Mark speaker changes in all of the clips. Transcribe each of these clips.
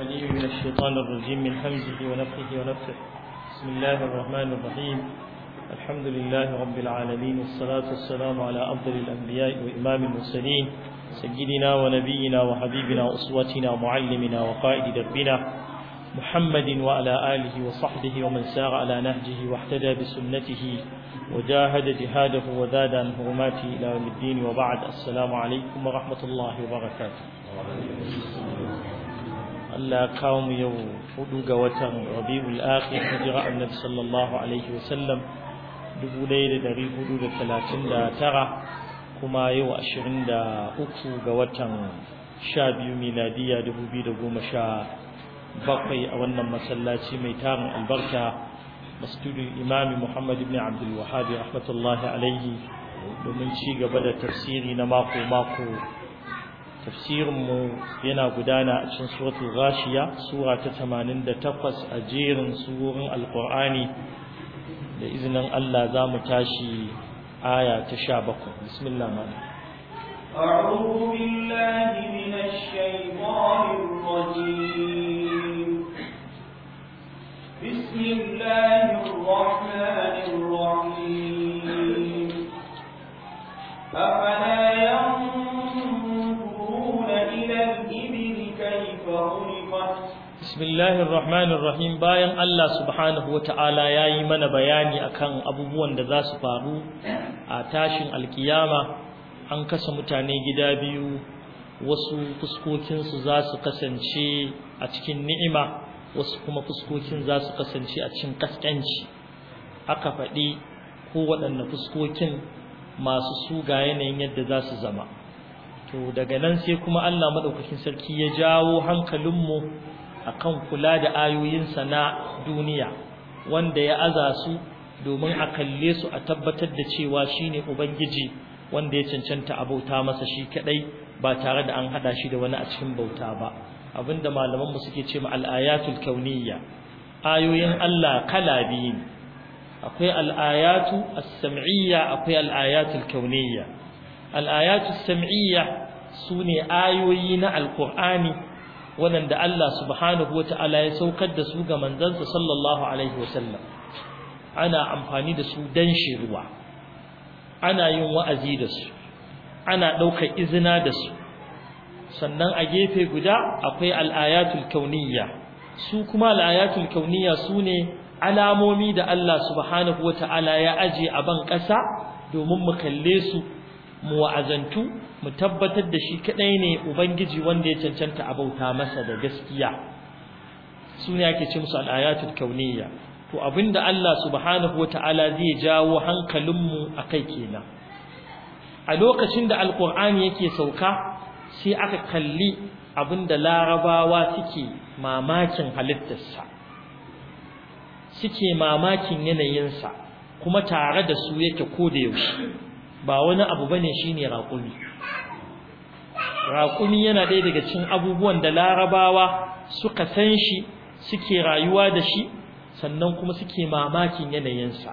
Speaker 1: العلي من الشيطان الرجيم من حمزه ونفخه ونفخه بسم الله الرحمن الرحيم الحمد لله رب العالمين والصلاة والسلام
Speaker 2: على أفضل الأنبياء وإمام المرسلين سيدنا ونبينا وحبيبنا وأسوتنا ومعلمنا وقائد دربنا محمد وعلى آله وصحبه ومن سار على نهجه واحتدى بسنته وجاهد جهاده وزاد عن هرماته إلى يوم الدين وبعد السلام عليكم ورحمة الله وبركاته Allah kawo mu yau hudu ga watan Rabiul Akhir hijira Annabi sallallahu alaihi wa wasallam 1439
Speaker 1: kuma yau 23 ga watan 12 miladiya 2017 a wannan masallaci mai tarin albarka
Speaker 2: masjidul Imami Muhammad ibn Abdul Wahhab rahmatullahi alaihi domin ci gaba da tafsiri na mako mako tafsirinmu yana gudana a cikin suratul ghashiya sura ta 88 a jerin surorin alqur'ani da izinin Allah za mu tashi aya ta 17
Speaker 1: bismillah ma أعوذ بالله من الشيطان الرجيم بسم الله الرحمن أفلا ينظرون إلى الإبل كيف خلقت
Speaker 2: بسم الله الرحمن الرحيم bayan Allah subhanahu wataala yayi mana bayani akan abubuwan da za su faru a tashin alkiyama an kasa mutane gida biyu wasu fuskokinsu za su kasance a cikin ni'ima wasu kuma fuskokin za su kasance a cikin kaskanci aka faɗi ko waɗanne fuskokin masu su ga yanayin yadda za su zama to daga nan sai kuma Allah madaukakin sarki ya jawo hankalinmu akan kula da ayoyinsa na duniya wanda ya aza su domin a kalle su a tabbatar da cewa shine ubangiji wanda ya cancanta a bauta masa shi kaɗai ba tare da an haɗa shi da wani a cikin bauta ba abinda malaman mu suke ce ma al'ayatul kauniyya ayoyin Allah kala biyu akwai al'ayatu as-sam'iyya akwai al'ayatu al-kauniyya al'ayatu as-sam'iyya sune ayoyi na Alkur'ani, wanda Allah subhanahu wata'ala ya saukar da su ga manzansa sallallahu alaihi wasallam ana amfani da su dan shiruwa ana yin wa'azi da su ana daukar izina da su sannan a gefe guda akwai al'ayatul kauniyya su kuma al'ayatul kauniyya sune alamomi da Allah subhanahu wata'ala ya aje a ban ƙasa domin mu kalle su mu wa'azantu mu tabbatar da shi kadai ne ubangiji wanda ya cancanta a bauta masa da gaskiya su ne ake ce musu al'ayatul kauniyya to abinda Allah subhanahu wata'ala zai jawo hankalinmu kai kenan a lokacin da alqur'ani yake sauka sai aka kalli abinda larabawa suke mamakin halittarsa suke mamakin yanayinsa kuma tare da su yake ko da yaushe ba wani abu bane shine raƙumi raƙumi yana ɗaya daga cikin abubuwan da larabawa suka san shi suke rayuwa da shi sannan kuma suke mamakin yanayinsa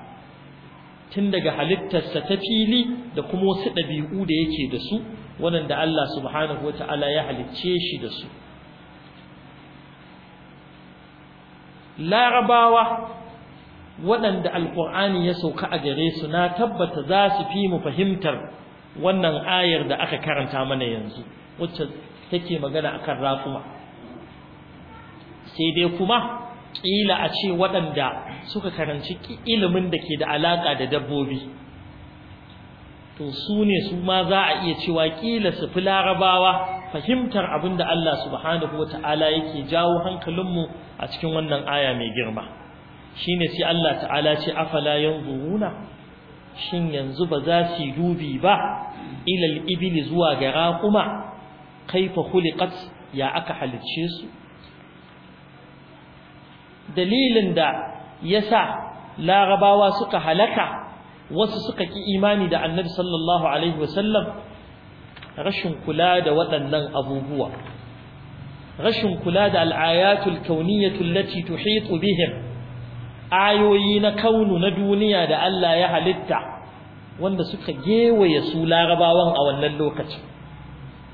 Speaker 2: tun daga halittarsa ta fili da kuma wasu ɗabi'u da yake da su waɗanda Allah subhanahu wa ta'ala ya halicce shi da su larabawa waɗanda alƙur'ani ya sauka a gare su na tabbata za su fi mu fahimtar wannan ayar da aka karanta mana yanzu wacce take magana kan rafuma sai dai kuma ƙila a ce waɗanda suka karanci ilimin da ke da alaƙa da dabbobi to su ne su ma za a iya cewa ƙila su fi larabawa fahimtar abin da Allah subhanahu wata'ala yake jawo hankalinmu a cikin wannan aya mai girma shine sai Allah ta'ala ce afala yanzuruna shin yanzu ba za su dubi ba ilal ibili zuwa ga raquma kaifa khuliqat ya aka halicce su dalilin da yasa larabawa suka halaka wasu suka ki imani da annabi sallallahu alaihi wasallam rashin kula da waɗannan abubuwa rashin kula da al'ayatul kauniyatul tullaci tuhitu bihim ayoyi na kaunu na duniya da Allah ya halitta wanda suka gewaye su larabawan a wannan lokacin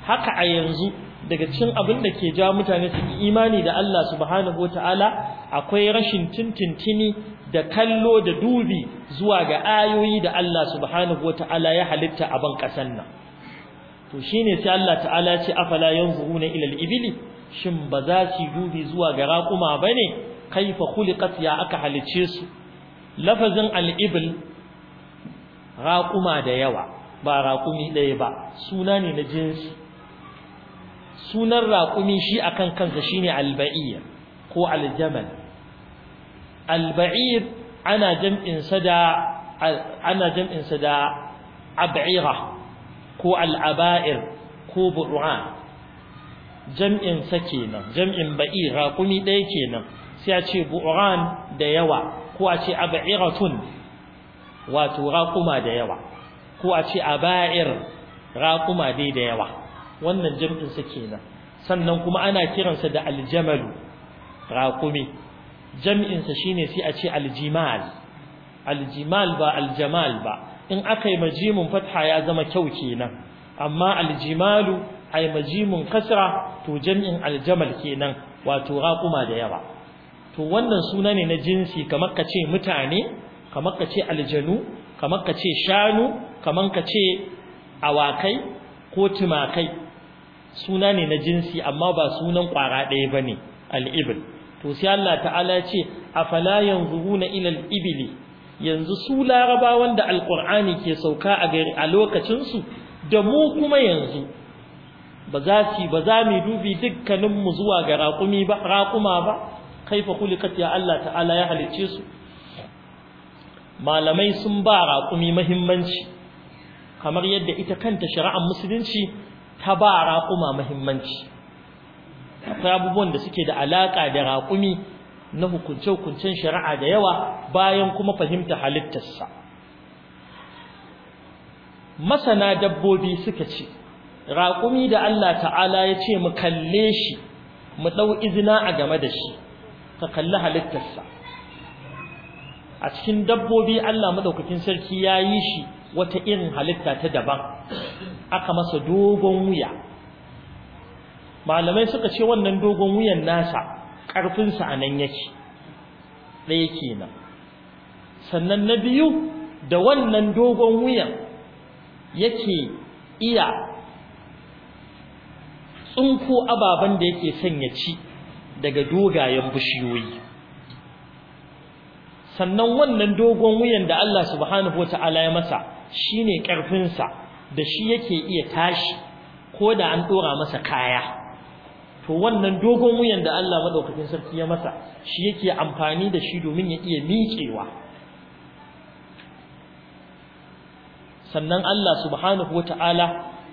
Speaker 2: haka a yanzu daga cikin abin da ke jawo mutane su imani da Allah subhanahu wataala akwai rashin tintintini da kallo da dubi zuwa ga ayoyi da Allah subhanahu wataala ya halitta a ban nan to shine sai Allah ta'ala ce afala yanzuruna ila al-ibli shin ba za su dubi zuwa ga raquma bane kaifa khuliqat ya aka halice su lafazin al-ibl raquma da yawa ba raqumi ɗaya ba suna ne na jinsi sunan raqumi shi akan kansa shine al-ba'ir ko al-jamal al-ba'ir ana jam'in da ana jam'in da ab'ira ko al'aba'ir ko bur'a jam'in sa kenan jam'in ba'i raƙumi ɗaya kenan sai a ce bu'ran da yawa ko a ce ab'iratun wato raƙuma da yawa ko a ce aba'ir raƙuma dai da yawa wannan jam'in sa kenan sannan kuma ana kiransa da aljamalu raƙumi Jam'insa shi shine sai a ce aljimal aljimal ba aljamal ba in aka yi majimun fatha ya zama kyau kenan amma aljimalu ay majimun kasra to jam'in aljamal kenan wato raquma da yawa to wannan suna ne na jinsi kamar ka ce mutane kamar ka ce aljanu kamar ka ce shanu kamar ka ce awakai ko tumakai suna ne na jinsi amma ba sunan kwara ɗaya bane al to sai Allah ta'ala ya ce afala yanzuhuna ila al ibili yanzu su larabawan da alkur'ani ke sauka a gari a lokacinsu da mu kuma yanzu ba za su ba za mu dubi dukkaninmu zuwa ga raƙumi ba raƙuma ba kaifa kulikat ya Allah ta'ala ya halice su malamai sun ba raƙumi muhimmanci kamar yadda ita kanta shari'ar musulunci ta ba raƙuma muhimmanci akwai abubuwan da suke da alaƙa da raƙumi na hukunce-hukuncen shari'a da yawa bayan kuma fahimta halittarsa masana dabbobi suka ce raƙumi da Allah ta'ala ya ce mu kalle shi mu ɗau izina a game da shi ka kalli halittarsa a cikin dabbobi Allah maɗaukakin sarki ya yi shi wata irin halitta ta daban aka masa dogon wuya malamai suka ce wannan dogon wuyan nasa ƙarfinsa a nan yake ɗaya kenan sannan na biyu da wannan dogon wuyan yake iya tsunko ababen da yake son ya ci daga dogayen bishiyoyi sannan wannan dogon wuyan da Allah subhanahu wata'ala ya masa shine ƙarfinsa da shi yake iya tashi ko da an ɗora masa kaya to wannan dogon wuyan da Allah madaukakin sarki ya masa shi yake amfani da shi domin ya iya miƙewa sannan Allah subhanahu wata'ala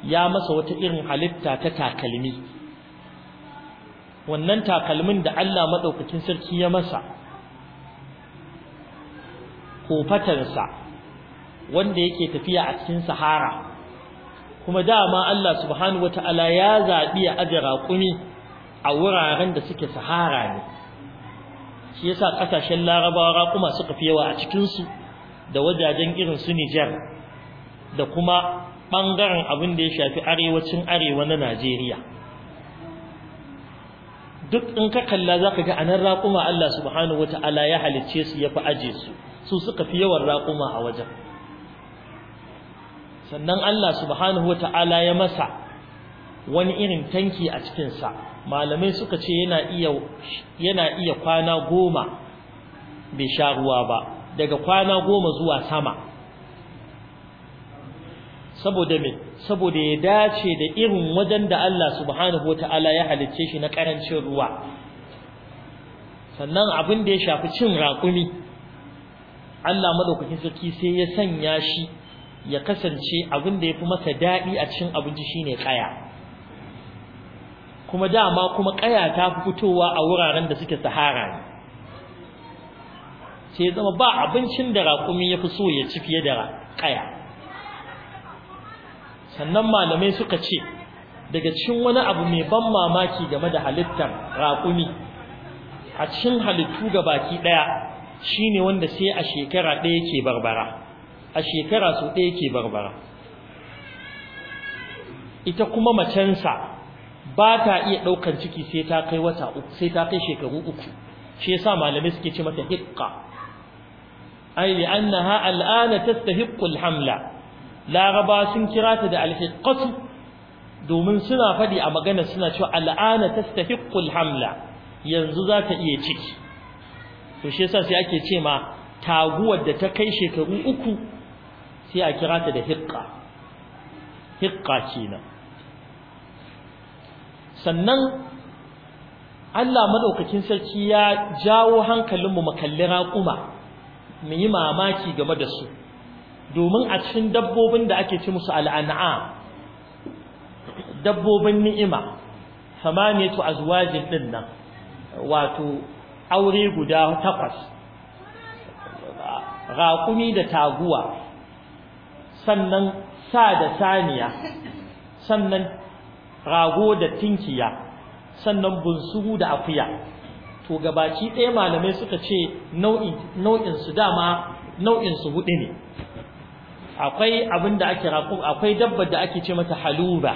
Speaker 2: ya masa wata irin halitta ta takalmi wannan takalmin da Allah madaukakin sarki ya masa kofatarsa wanda yake tafiya a cikin sahara kuma dama Allah subhanahu wata'ala ya zaɓi ya aje raƙumi a wuraren da suke sahara ne shi yasa kasashen larabawa raƙuma suka fi yawa a cikin su da wajajen irin su Nijar da kuma ɓangaren abin da ya shafi arewacin arewa na Najeriya duk in ka kalla zaka ga anan nan raƙuma Allah subhanahu wata'ala ya halicce su ya fi aje su su suka fi yawan raƙuma a wajen sannan Allah subhanahu wata'ala ya masa wani irin tanki a cikinsa malamai suka ce yana iya kwana goma bai sha ruwa ba daga kwana goma zuwa sama saboda mai saboda ya dace da irin wajen da Allah subhanahu Ta'ala ya halicce shi na karancin ruwa sannan abin da ya shafi cin raƙumi Allah madaukakin sarki sai ya sanya shi ya kasance abin da ya fi masa daɗi a cikin abinci shine tsaya kuma dama kuma kaya ta fi fitowa a wuraren da suke sahara ne sai zama ba abincin da raƙumi ya fi so ya ci fiye da kaya sannan malamai suka ce daga cikin wani abu mai ban mamaki game da halittar raƙumi a cikin halittu ga baki ɗaya shine wanda sai a shekara ɗaya ke barbara a shekara su ɗaya ke barbara ita kuma macensa ba ta iya ɗaukan ciki sai ta kai wata uku sai ta kai shekaru uku shi yasa malamai suke ce mata hiqqa ai li annaha al'ana tastahiqqu hamla laraba sun kira ta da al domin suna fadi a magana suna cewa al'ana tastahiqqu al-hamla yanzu za ta iya ciki to shi yasa sai ake ce ma taguwar da ta kai shekaru uku sai a kira ta da hiqqa hiqqa kenan sannan Allah madaukakin sarki ya jawo hankalinmu mu kalli raƙuma mu yi mamaki game da su domin a cikin dabbobin da ake ci musu al'an'a dabbobin ni'ima samaniyatu azwajin din nan wato aure guda takwas raƙumi da taguwa sannan sa da saniya sannan rago da tinkiya sannan bunsu da akuya to gabaci ɗaya malamai suka ce nau'in su dama nau'in su hudu ne akwai abin da ake akwai dabbar da ake ce mata haluba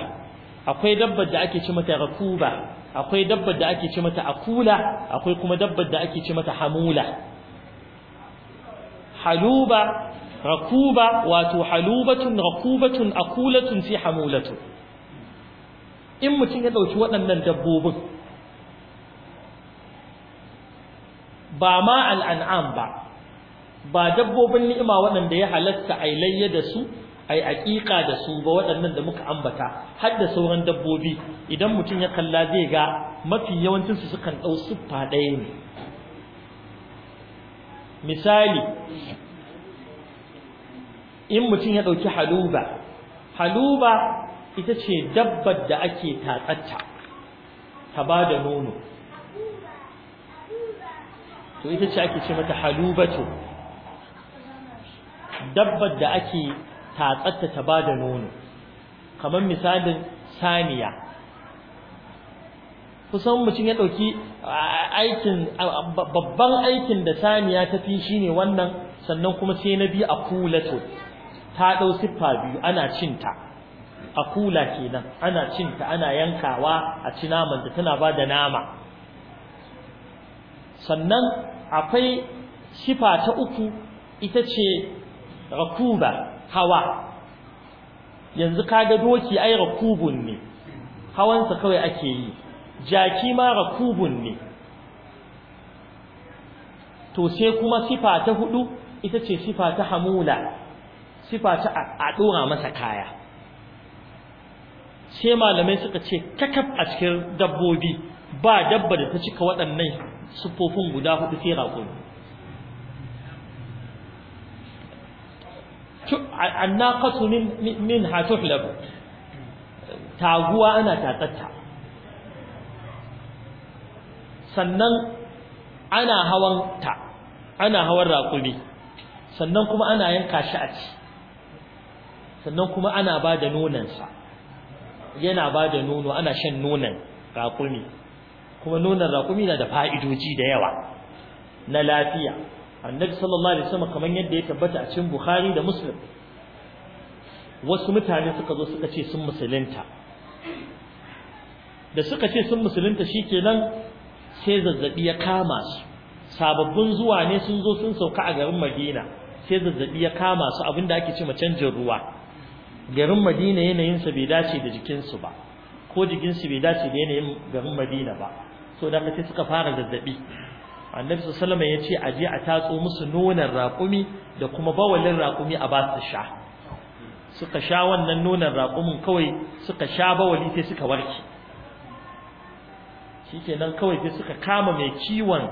Speaker 2: akwai dabbar da ake ce mata rakuba akwai dabbar da ake ce mata akula akwai kuma dabbar da ake ce mata hamula haluba rakuba wato halubatun rakubatun akulatun sai hamulatun in mutum ya ɗauki waɗannan dabbobin ba ma al'an'an ba ba dabbobin ni'ima waɗanda ya halatta a layya da su a aƙiƙa da su ba waɗannan da muka ambata har da sauran dabbobi idan mutum ya kalla zai ga mafi yawancinsu sukan ɗau siffa ɗaya ne misali in mutum ya ɗauki haluba haluba ita ce dabbar da ake tatsatta ta ba da nono to ita ce ake ce mata halubatu dabbar da ake tatsatta ta ba da nono kamar misalin saniya kusan mutum ya ɗauki aikin babban aikin da saniya ta fi shi ne wannan sannan kuma sai na biyu a to ta ɗau siffa biyu ana cinta akula kenan ana cin ta ana yankawa a ci naman da tana ba da nama sannan akwai sifa ta uku ita ce rakuba hawa yanzu kaga doki ai rakubun ne hawansa kawai ake yi jaki ma rakubun ne to sai kuma sifa ta hudu ita ce sifa ta hamula sifa ta a dora masa kaya sai malamai suka ce kakaf a cikin dabbobi ba dabba da ta cika waɗannan siffofin guda hudu sai na kasu min hatu labu, taguwa ana tatsatta sannan ana hawan ta ana hawan raƙumi sannan kuma ana yanka shi a ci sannan kuma ana ba da nonansa yana ba da nono ana shan nonon raƙumi kuma nonon raƙumi na da fa'idoji da yawa na lafiya annabi sallallahu alaihi wasallam kamar yadda ya tabbata a cikin bukhari da muslim wasu mutane suka zo suka ce sun musulunta da suka ce sun musulunta shikenan sai zazzabi ya kama su sababbin zuwa ne sun zo sun sauka a garin madina sai zazzabi ya kama su abinda ake ce canjin ruwa garin madina yanayinsa bai dace da jikinsu ba ko jikinsu bai dace da yanayin garin madina ba so da kace suka fara zazzabi annabi sallallahu ya ce a je a tatso musu nonan raƙumi da kuma bawalin raƙumi a ba su sha suka sha wannan nonan raƙumin kawai suka sha bawali sai suka warke shikenan kawai sai suka kama mai ciwon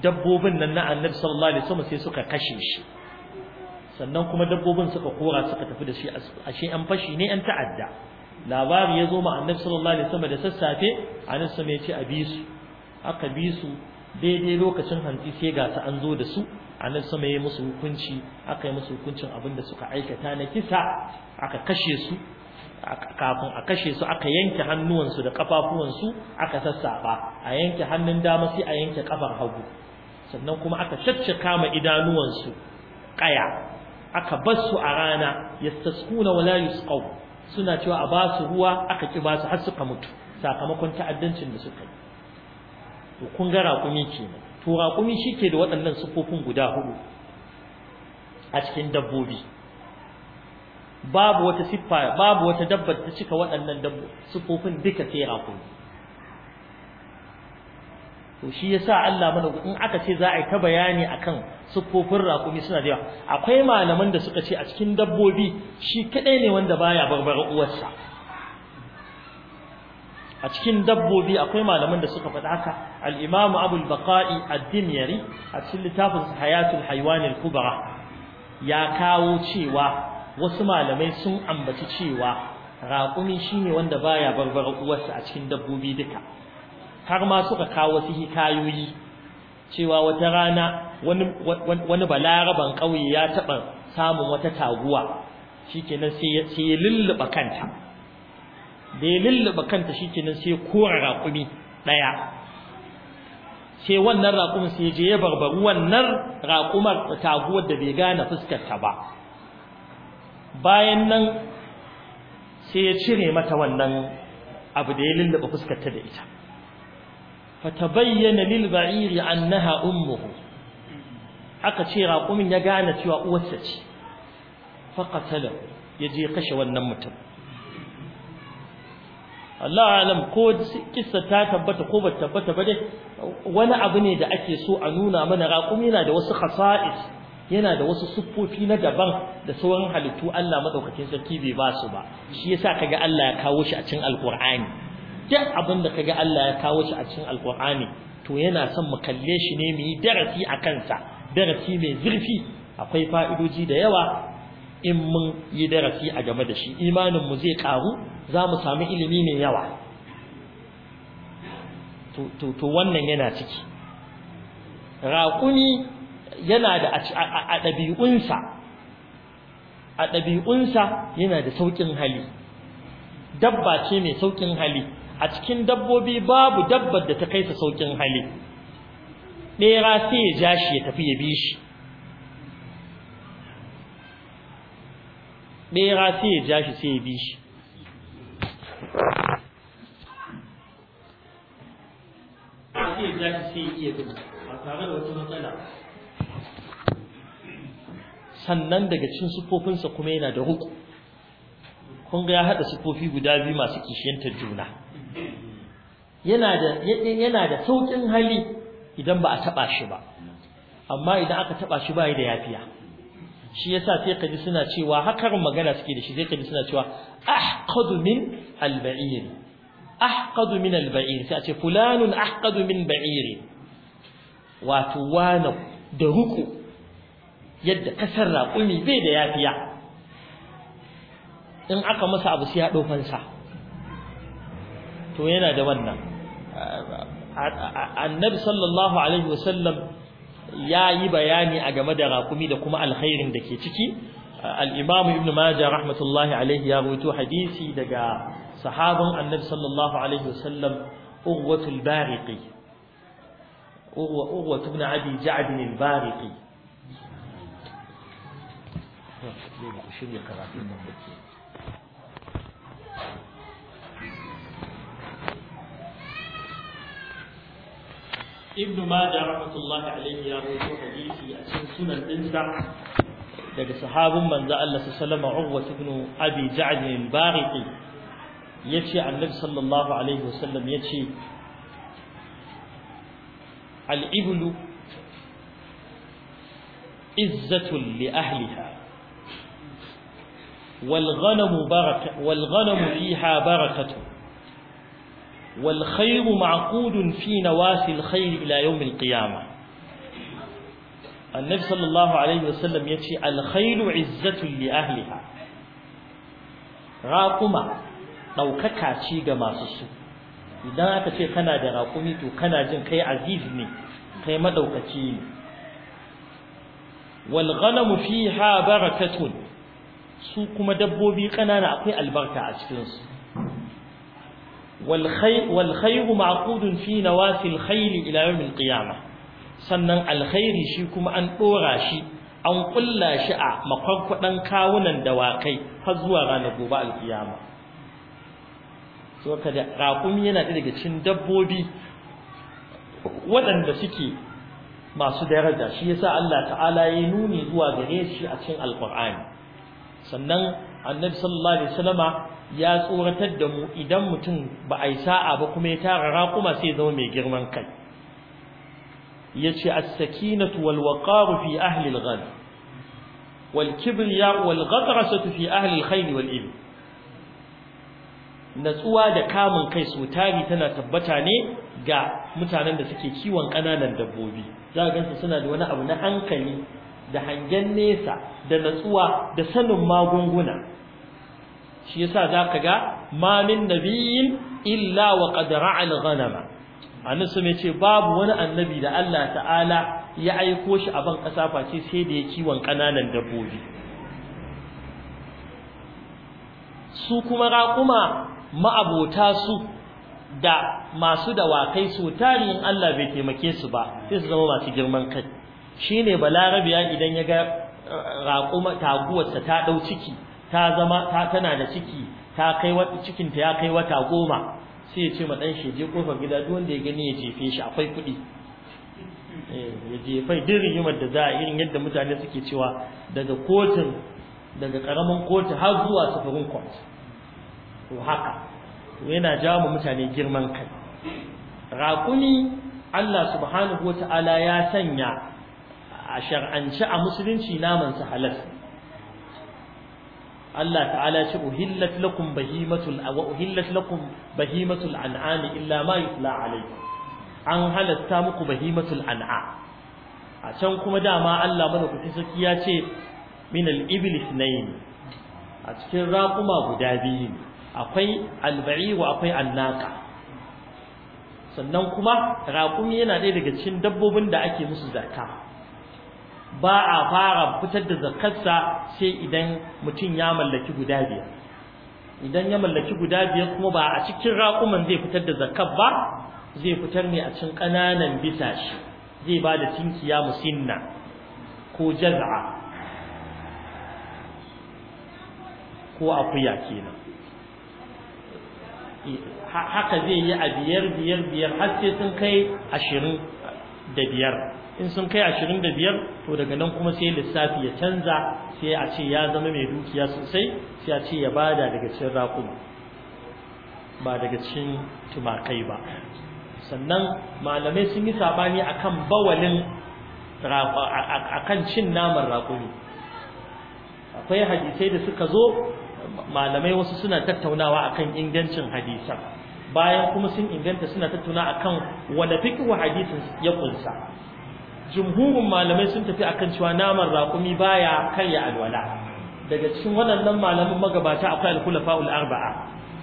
Speaker 2: dabbobin nan na annabi sallallahu alaihi wasallam sai suka kashe shi sannan kuma dabbobin suka kora suka tafi da shi ashe an fashi ne an ta'adda labari ya zo ma annabi sallallahu alaihi wasallam da sassafe annabi sama ya ce a aka bi daidai lokacin hantsi sai ga su an zo da su annabi sama ya musu hukunci aka yi musu hukuncin abin da suka aikata na kisa aka kashe su kafin a kashe su aka yanke hannuwansu da kafafuwansu aka sassaɓa, a yanke hannun dama sai a yanke kafar hagu sannan kuma aka caccaka ma idanuwansu kaya aka basu a rana yastaskuna wala yusqaw suna cewa a basu ruwa aka ki basu har suka mutu sakamakon ta'addancin da suka yi to kun ga raƙumi kenan to raƙumi shike da waɗannan sufofin guda hudu a cikin dabbobi babu wata siffa babu wata dabbar ta cika waɗannan sufofin duka sai raƙumi to shi yasa Allah mana in aka ce za a yi ta bayani akan siffofin rakumi suna da yawa akwai malaman da suka ce a cikin dabbobi shi kadai ne wanda baya barbara uwarsa a cikin dabbobi akwai malaman da suka faɗa haka al-Imam Abu al-Baqa'i ad-Dimyari a cikin littafin Hayatul Haywan al-Kubra ya kawo cewa wasu malamai sun ambaci cewa raƙumi shine wanda baya barbara uwarsa a cikin dabbobi duka har ma suka kawo su hikayoyi cewa wata rana wani wani balaraban kauye ya taba samun wata taguwa shikenan sai sai ya lulluba kanta da ya lulluba kanta shikenan sai kora raƙumi daya sai wannan raƙumin sai je ya barbaru wannan raƙumar taguwar da bai gane fuskarta ba bayan nan sai ya cire mata wannan abu da ya lulluba fuskar da ita fatabayyana lil ba'iri annaha ummuhu aka ce raƙumin ya gane cewa uwarsa ce faqatala ya je kashe wannan mutum Allah alam ko kissa ta tabbata ko ba tabbata ba dai wani abu ne da ake so a nuna mana raƙumi yana da wasu khasa'is yana da wasu siffofi na daban da sauran halittu Allah madaukakin sarki bai ba su ba shi yasa kaga Allah ya kawo shi a cikin alqur'ani duk abin da kaga Allah ya kawo shi a cikin alqur'ani to yana son mu kalle shi ne mu yi darasi a kansa darasi mai zurfi akwai fa'idoji da yawa in mun yi darasi a game da shi imanin mu zai karu za mu samu ilimi mai yawa to to wannan yana ciki raƙuni yana da a ɗabi'unsa a ɗabi'unsa yana da sauƙin hali dabba ce mai sauƙin hali a cikin dabbobi babu dabbar da ta kai sa saukin hali ɗera sai ya ja shi ya tafi ya bi shi ɗera sai ya ja shi sai ya bi shi sannan daga cin sufofinsa kuma yana da ruku kun ga ya haɗa sufofi guda biyu masu kishiyantar juna yana da sauƙin hali idan ba a taɓa shi ba amma idan aka taɓa shi ba da yafiya shi yasa sai kaji suna cewa hakar magana suke da shi sai kaji suna cewa ahqadu min al ahqadu min alba'in. sai a ce fulanun ahqadu min ba'ir wato wana da ruku yadda kasar raƙumi bai da yafiya in aka masa abu sai ya dofansa to yana da wannan annabi sallallahu alaihi wasallam yayi bayani a game da rakumi da kuma alkhairin da ke ciki al-imam ibn majah rahmatullahi alaihi ya rawaito hadisi daga sahabban annabi sallallahu alaihi wasallam urwatul bariqi urwa urwa ibn abi ja'd al-bariqi
Speaker 1: shirya karatun nan da ke
Speaker 2: ibn majah rahmatullahi alaihi ya rawaito hadisi a cikin sunan dinsa daga sahabin manzo Allah sallama Uwwa ibn Abi Ja'd al-Bariqi yace annabi sallallahu alaihi wasallam yace al-iblu izzatun li ahliha wal ghanamu baraka wal ghanamu fiha barakatun wal khairu ma'qudun fi nawasi al khair ila yawm al qiyamah annabi sallallahu alaihi wasallam yace al khairu izzatu li ahliha raquma daukaka ci ga masu su idan aka ce kana da raƙumi to kana jin kai aziz ne kai madaukaci ne wal ghanamu fiha barakatun su kuma dabbobi kanana akwai albarka a cikin su والخير معقود في نواف الخيل إلى يوم القيامة sannan alkhairi shi kuma an dora shi an kulla shi a makwankwadan kawunan dawakai har zuwa ranar gobe alkiyama so kada raƙumi yana da daga cikin dabbobi waɗanda suke masu daraja shi yasa Allah ta'ala ya nuni zuwa gare shi a cikin alqur'ani sannan annabi sallallahu alaihi wasallama ya tsoratar da mu idan mutum ba a yi sa'a ba kuma ya tara raƙuma sai zama mai girman kai ya ce as-sakinatu wal waqaru fi ahli al-ghad wal kibriya wal ghatrasatu fi ahli al natsuwa da kamun kai su tari tana tabbata ne ga mutanen da suke kiwon ƙananan dabbobi za gansu suna da wani abu na hankali da hangen nesa da natsuwa da sanin magunguna shi yasa zaka ga ma min nabiyin illa wa qad ra'a al-ghanama mai ce babu wani annabi da Allah ta'ala ya aiko shi a ban kasa face sai da ya kiwon kananan dabbobi su kuma raƙuma ma'abota su da masu dawakai su tarihin Allah bai taimake su ba sai su zama masu girman kai shine balarabiya idan ya ga eh, raƙuma ta ɗau ciki ta zama ta tana da ciki ta kai wata cikin ta ya kai wata goma sai ya ce ma dan shi je kofar gida duk wanda ya gani ya jefe shi akwai kuɗi eh, ya jefai duk rigimar da za a irin yadda mutane suke cewa daga kotun daga karamin kotu har zuwa sufurin court to haka yana jawo mutane girman kai raƙumi Allah subhanahu wa ta'ala ya sanya a shar'anci a musulunci naman su halal Allah ta'ala ce uhillat lakum bahimatul wa uhillat lakum bahimatul an'ami illa ma yutla an halatta muku bahimatul an'a a can kuma dama Allah ku saki ya ce min al-iblis nayn a cikin raƙuma guda biyu akwai alba'i wa akwai annaka sannan kuma raƙumi yana ɗaya daga cikin dabbobin da ake musu zakka ba a fara fitar da zakarsa sai idan mutum ya mallaki guda biyar idan ya mallaki guda biyar kuma ba a cikin raƙuman zai fitar da zakar ba zai fitar ne a cikin ƙananan bisa shi zai ba da cinkiya, musinna ko jaz'a ko akuya kenan eh, haka zai yi a biyar biyar biyar har sai sun kai ashirin da biyar in sun kai ashirin da biyar to daga nan kuma sai lissafi ya canza sai a ce ya zama mai dukiya sosai sai a ce ya bada daga cikin raƙuma ba daga cikin tumakai ba sannan malamai sun yi sabani akan bawalin akan cin naman raƙumi akwai hadisai da suka zo malamai wasu suna tattaunawa akan ingancin hadisan bayan kuma sun inganta suna tattauna akan wani fikihu hadisin ya kunsa jumhurin malamai sun tafi akan cewa naman raƙumi baya karya alwala daga cikin waɗannan malaman magabata akwai al-khulafa'ul arba'a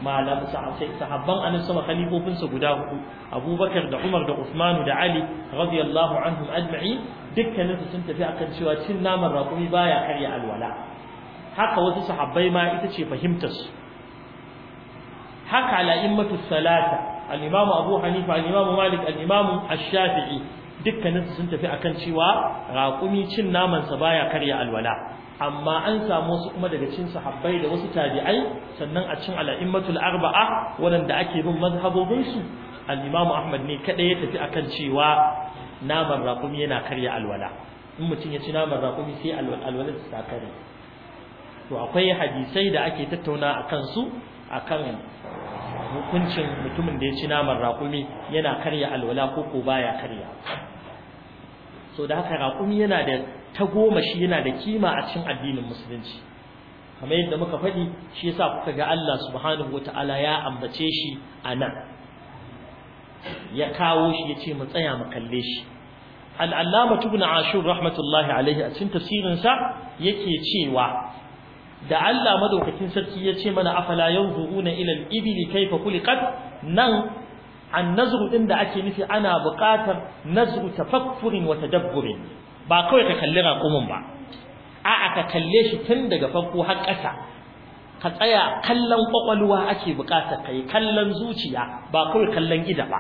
Speaker 2: malam sahabban annabi sama sa guda hudu abubakar da umar da usmanu da ali radiyallahu anhum ajma'i dukkaninsu sun tafi akan cewa cin naman raƙumi baya karya alwala haka wasu sahabbai ma ita ce fahimtar su haka la'immatu salata al-imamu abu hanifa al-imamu malik al-imamu ash-shafi'i dukkaninsu sun tafi akan cewa raƙumi cin namansa baya karya alwala amma an samu su kuma daga cin sahabbai da wasu tabi'ai sannan a cin al'immatul arba'a waɗanda ake bin su al-imamu ahmad ne kaɗai ya tafi akan cewa naman raƙumi yana karya alwala in mutum ya ci naman raƙumi sai alwala ta kare to akwai hadisai da ake tattauna a kansu akan hukuncin mutumin da ya ci naman raƙumi yana karya alwala ko ko baya karya so da haka raƙumi yana da ta goma shi yana da kima a cikin addinin musulunci kamar yadda muka faɗi shi yasa kuka ga Allah subhanahu wata'ala ya ambace shi anan ya kawo shi ya ce mu tsaya mu kalle shi al'allama ibn ashur rahmatullahi alaihi a cikin tafsirin sa yake cewa da Allah madaukakin sarki ya ce mana afala yanzuruna ila al-ibli kayfa khuliqat nan an nazru din da ake nufi ana buƙatar nazru tafakkurin wa tadabburin ba kawai ka kalli raƙumin ba a'a ka kalle shi tun daga farko har ƙasa ka tsaya kallon kwakwalwa ake buƙatar kai kallon zuciya ba kawai kallon ida ba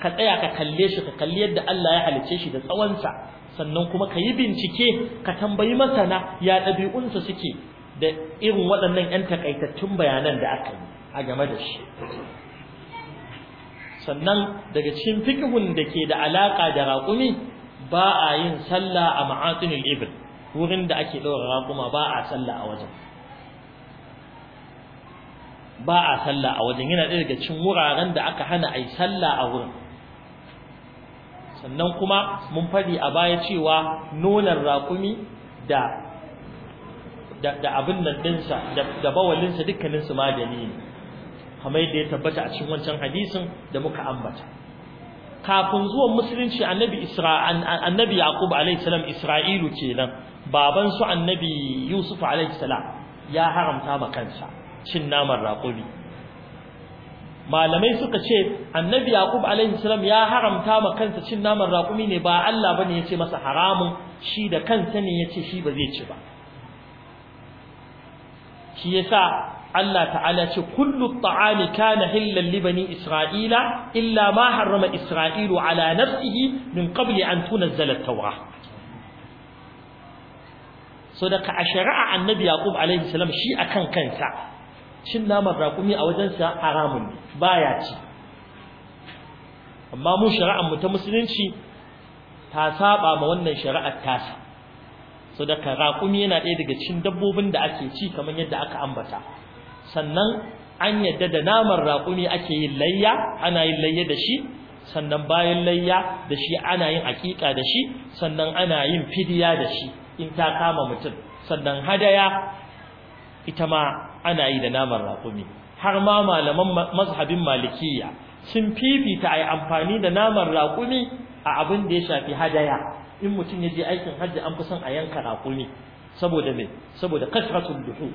Speaker 2: ka tsaya ka kalle shi ka kalli yadda Allah ya halicce shi da tsawonsa sannan kuma ka yi bincike ka tambayi masana ya ɗabi'unsa suke da irin waɗannan 'yan takaitattun bayanan da aka yi a game da shi sannan daga cikin fikihun da ke da alaka da raƙumi ba a yin sallah a ma'atinul ibil wurin da ake ɗaura raƙuma ba a sallah a wajen ba a sallah a wajen yana daga cikin wuraren da aka hana a yi sallah a wurin sannan kuma mun fadi a baya cewa nonan raƙumi da da abin nan dinsa da bawalinsa dukkaninsu su magani ne kamar yadda ya tabbata a cikin wancan hadisin da muka ambata kafin zuwan musulunci annabi isra'an annabi yaqub alayhi salam isra'ilu kenan baban su annabi yusuf alayhi salam ya haramta ma kansa cin naman raƙumi malamai suka ce annabi yaqub alayhi salam ya haramta ma kansa cin naman raƙumi ne ba Allah bane yace masa haramun shi da kansa ne yace shi ba zai ci ba shi yasa Allah ta'ala ce kullu ta'ami kana hillan li bani isra'ila illa ma harrama isra'ilu ala nafsihi min qabli an tunzala at-taura so da ka shari'a annabi yaqub alaihi salam shi akan kansa cin naman raƙumi a wajen sa haramun baya ci amma mu shari'ar mu ta musulunci ta saba ma wannan shari'ar tasa so da ka raƙumi yana ɗaya daga cikin dabbobin da ake ci kamar yadda aka ambata sannan an yadda da naman raƙumi ake yin layya ana yin layya da shi sannan bayan layya da shi ana yin aƙiƙa da shi sannan ana yin fidiya da shi in ta kama mutum sannan hadaya ita ma ana yi da naman raƙumi har ma malaman mazhabin malikiya sun fifita a yi amfani da naman raƙumi a abin da ya shafi hadaya in mutum ya je aikin hajji an fi son a yanka raƙumi saboda me saboda kashratul duhu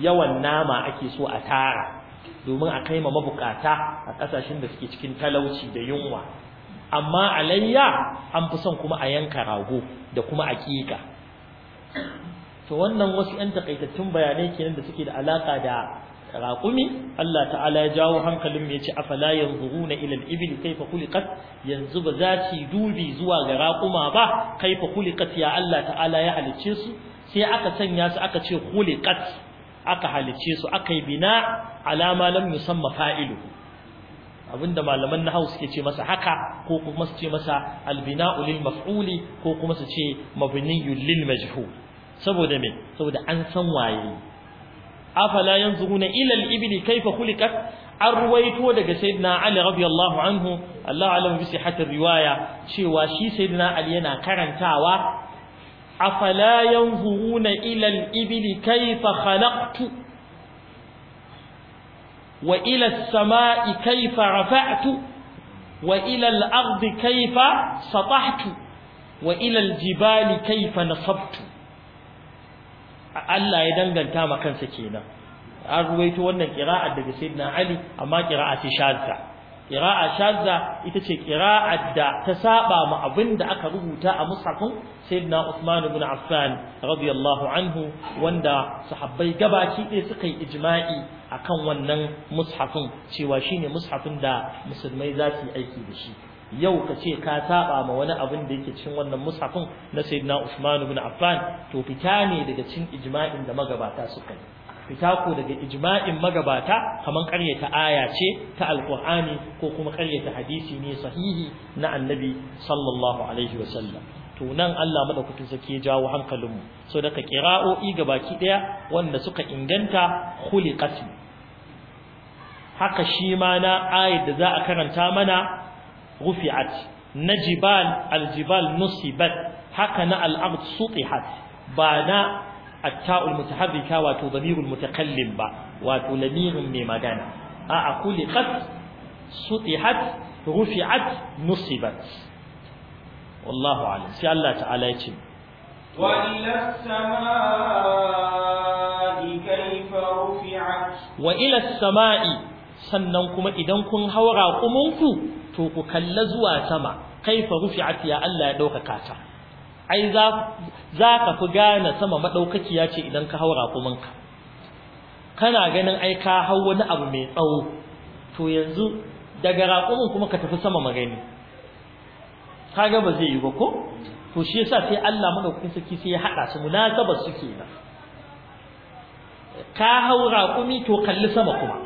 Speaker 2: yawan nama ake so a tara domin a kai ma mabukata a kasashen da suke cikin talauci da yunwa amma alayya an fi son kuma a yanka rago da kuma aƙiƙa to wannan wasu ƴan takaitattun bayanai kenan da suke da alaka da raƙumi Allah ta'ala ya jawo hankalin ya ce afala yanzuruna ila al-ibil kayfa khuliqat yanzu ba za ci dubi zuwa ga raƙuma ba kaifa khuliqat ya Allah ta'ala ya halice su sai aka sanya su aka ce khuliqat aka halice su aka yi bina alama lam musamma fa'ilu abinda malaman nahwu suke ce masa haka ko kuma su ce masa albina'u lil maf'uli ko kuma su ce mabniyun lil majhul saboda me saboda an san waye afala yanzuruna ila al ibli kayfa khuliqat an ruwaito daga sayyidina ali radiyallahu anhu Allah alam bi sihhatir riwaya cewa shi sayyidina ali yana karantawa afala yanzuruna ila al-ibli kayfa khalaqtu wa ila samai kayfa rafa'tu wa ila al-ardi kayfa satahtu wa ila al-jibali kayfa nasabtu Allah ya danganta ma kansa kenan an ruwaito wannan qira'a daga sayyidina Ali amma qira'a ce shadda qira'a shadda ita ce qira'ar da ta saba ma abin da aka rubuta a mushafin sayyidina Uthman ibn Affan radiyallahu anhu wanda sahabbai gabaki ɗaya suka yi ijma'i akan wannan mushafin cewa shine mushafin da musulmai za su yi aiki da shi yau ka ce ka saba ma wani abin da yake cikin wannan mushafin na sayyidina Uthman ibn Affan to fita ne daga cikin ijma'in da magabata suka yi fita ko daga ijma'in magabata kaman ƙaryata aya ce ta alƙur'ani ko kuma ƙaryata hadisi ne sahihi na annabi sallallahu alaihi wasallam to nan Allah madaukakin sarki ya jawo hankalinmu so daga qira'o'i gabaki daya wanda suka inganta khuliqat haka shi ma na ayat da za a karanta mana rufi'at najibal aljibal nusibat haka na al'ard sutihat ba na at-ta'u al-mutahadhika wa tudhabiru al-mutakallim ba wa tunabiru bi magana a aquli qad sutihat rufi'at nusibat wallahu a'lam sai Allah ta'ala ya ce
Speaker 1: wa ila as-sama'i kayfa rufi'at
Speaker 2: wa ila samai sannan kuma idan kun haura kumunku to ku kalla zuwa sama kai kayfa rufi'at ya Allah ya dauka kata ai za ka fi gane sama maɗaukakiya ce idan ka haura kumanka kana ganin ai ka hau wani abu mai tsawo to yanzu daga raƙumin kuma ka tafi sama magani kaga ba zai yi ba ko to shi yasa sai Allah madaukakin sarki sai ya haɗa su munasabar su kenan ka hau raƙumi to kalli sama kuma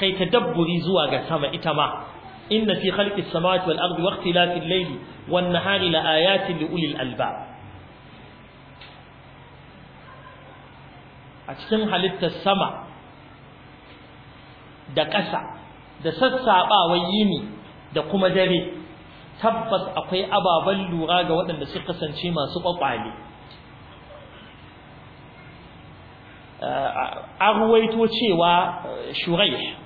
Speaker 2: kai ta dabburi zuwa ga sama ita ma inna fi khalqis samawati wal ardi wa ikhtilafil layli wan nahari la ayatin li ulil albab a cikin halittar sama da ƙasa da sassaɓawa yini da kuma dare tabbas akwai ababen lura ga waɗanda suka kasance masu ƙwaƙwale a ruwaito cewa shuraih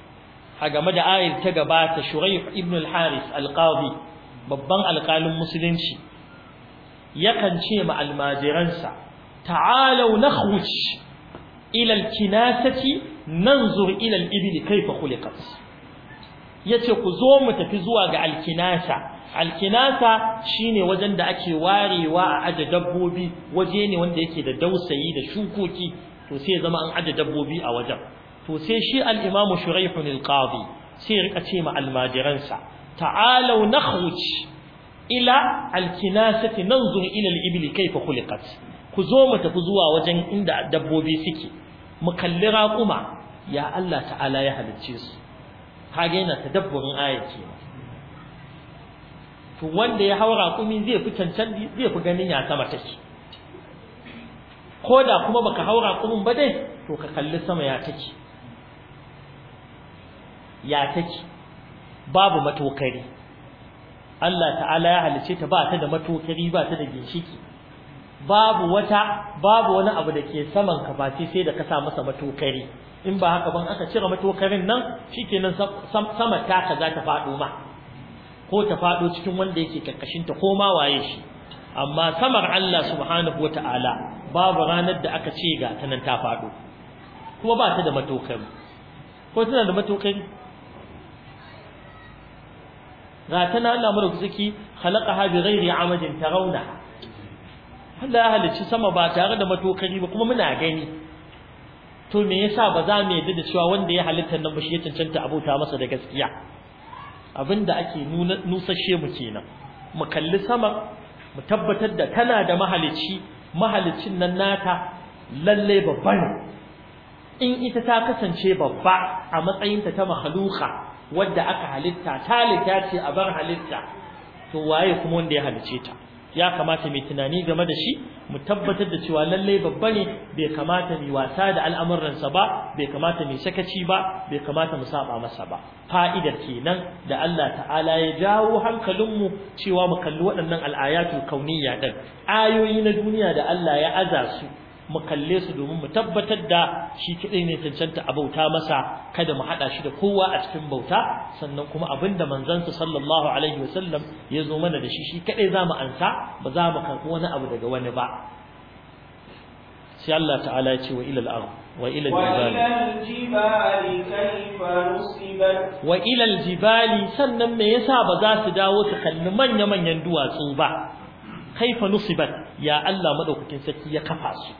Speaker 2: a game da ayar ta gabata Shuraih ibn al-Haris al-Qadi babban alƙalin musulunci yakan ce ma almajiransa ta'alau nakhruj ila al-kinasati nanzur ila al-ibli kayfa khuliqat yace ku zo mu tafi zuwa ga al-kinasa al-kinasa shine wajen da ake warewa a aje dabbobi waje ne wanda yake da dausayi da shukoki to sai zama an aje dabbobi a wajen to sai shi al-imam shuraih al sai rika ce ma almajiransa ta'alau nakhruj ila al-kinasati nanzur ila al-ibli kayfa ku zo mu tafi zuwa wajen inda dabbobi suke mu kalli ya Allah ta'ala ya halicce su kage yana dabbobin ayati to wanda ya haura kumi zai fi cancan zai fi ganin ya sama Ko da kuma baka haura kumin ba dai to ka kalli sama ya take ya take babu matokari Allah ta'ala ya halice ta ba ta da matokari ba ta da ginshiki babu wata babu wani abu da ke saman ka ba sai da ka sa masa matokari in ba haka ban aka cire matokarin nan shikenan sama ta ka za ta fado ma ko ta fado cikin wanda yake karkashin ta ko ma waye shi amma samar Allah subhanahu wata'ala babu ranar da aka ce ga ta nan ta fado kuma ba ta da matokari ko tana da matokari ga ta na Allah madaukaki khalaqaha bi ghairi amadin tarawna Allah ya halicci sama ba tare da matokari ba kuma muna gani to me yasa ba za mu yadda da cewa wanda ya halitta nan ba shi ya cancanta abota masa da gaskiya abinda ake nusashe mu kenan mu kalli sama mu tabbatar da kana da mahalicci mahalicin nan nata lalle babba in ita ta kasance babba a matsayinta ta mahaluka wadda aka halitta talika ce a bar halitta to waye kuma wanda ya halice ta ya kamata mai tunani game da shi mu tabbatar da cewa lallai babba ne bai kamata mai wasa da al'amuransa ba bai kamata mai sakaci ba bai kamata mu saba masa ba fa'idar kenan da Allah ta'ala ya jawo hankalinmu cewa mu kalli waɗannan al'ayatu kauniyya din ayoyi na duniya da Allah ya aza su mu kalle su domin mu tabbatar da shi kadai ne cancanta a bauta masa kada mu hada shi da kowa a cikin bauta sannan kuma abinda manzansa sallallahu alaihi wasallam ya zo mana da shi shi kadai zamu ansa ba za mu karɓi wani abu daga wani ba sai Allah ta'ala ya ce wa ilal ardh wa ilal jibali wa ilal jibali sannan me yasa ba za su dawo su kalli manya manyan duwatsu ba kaifa nusibat ya Allah madaukakin sarki ya kafa su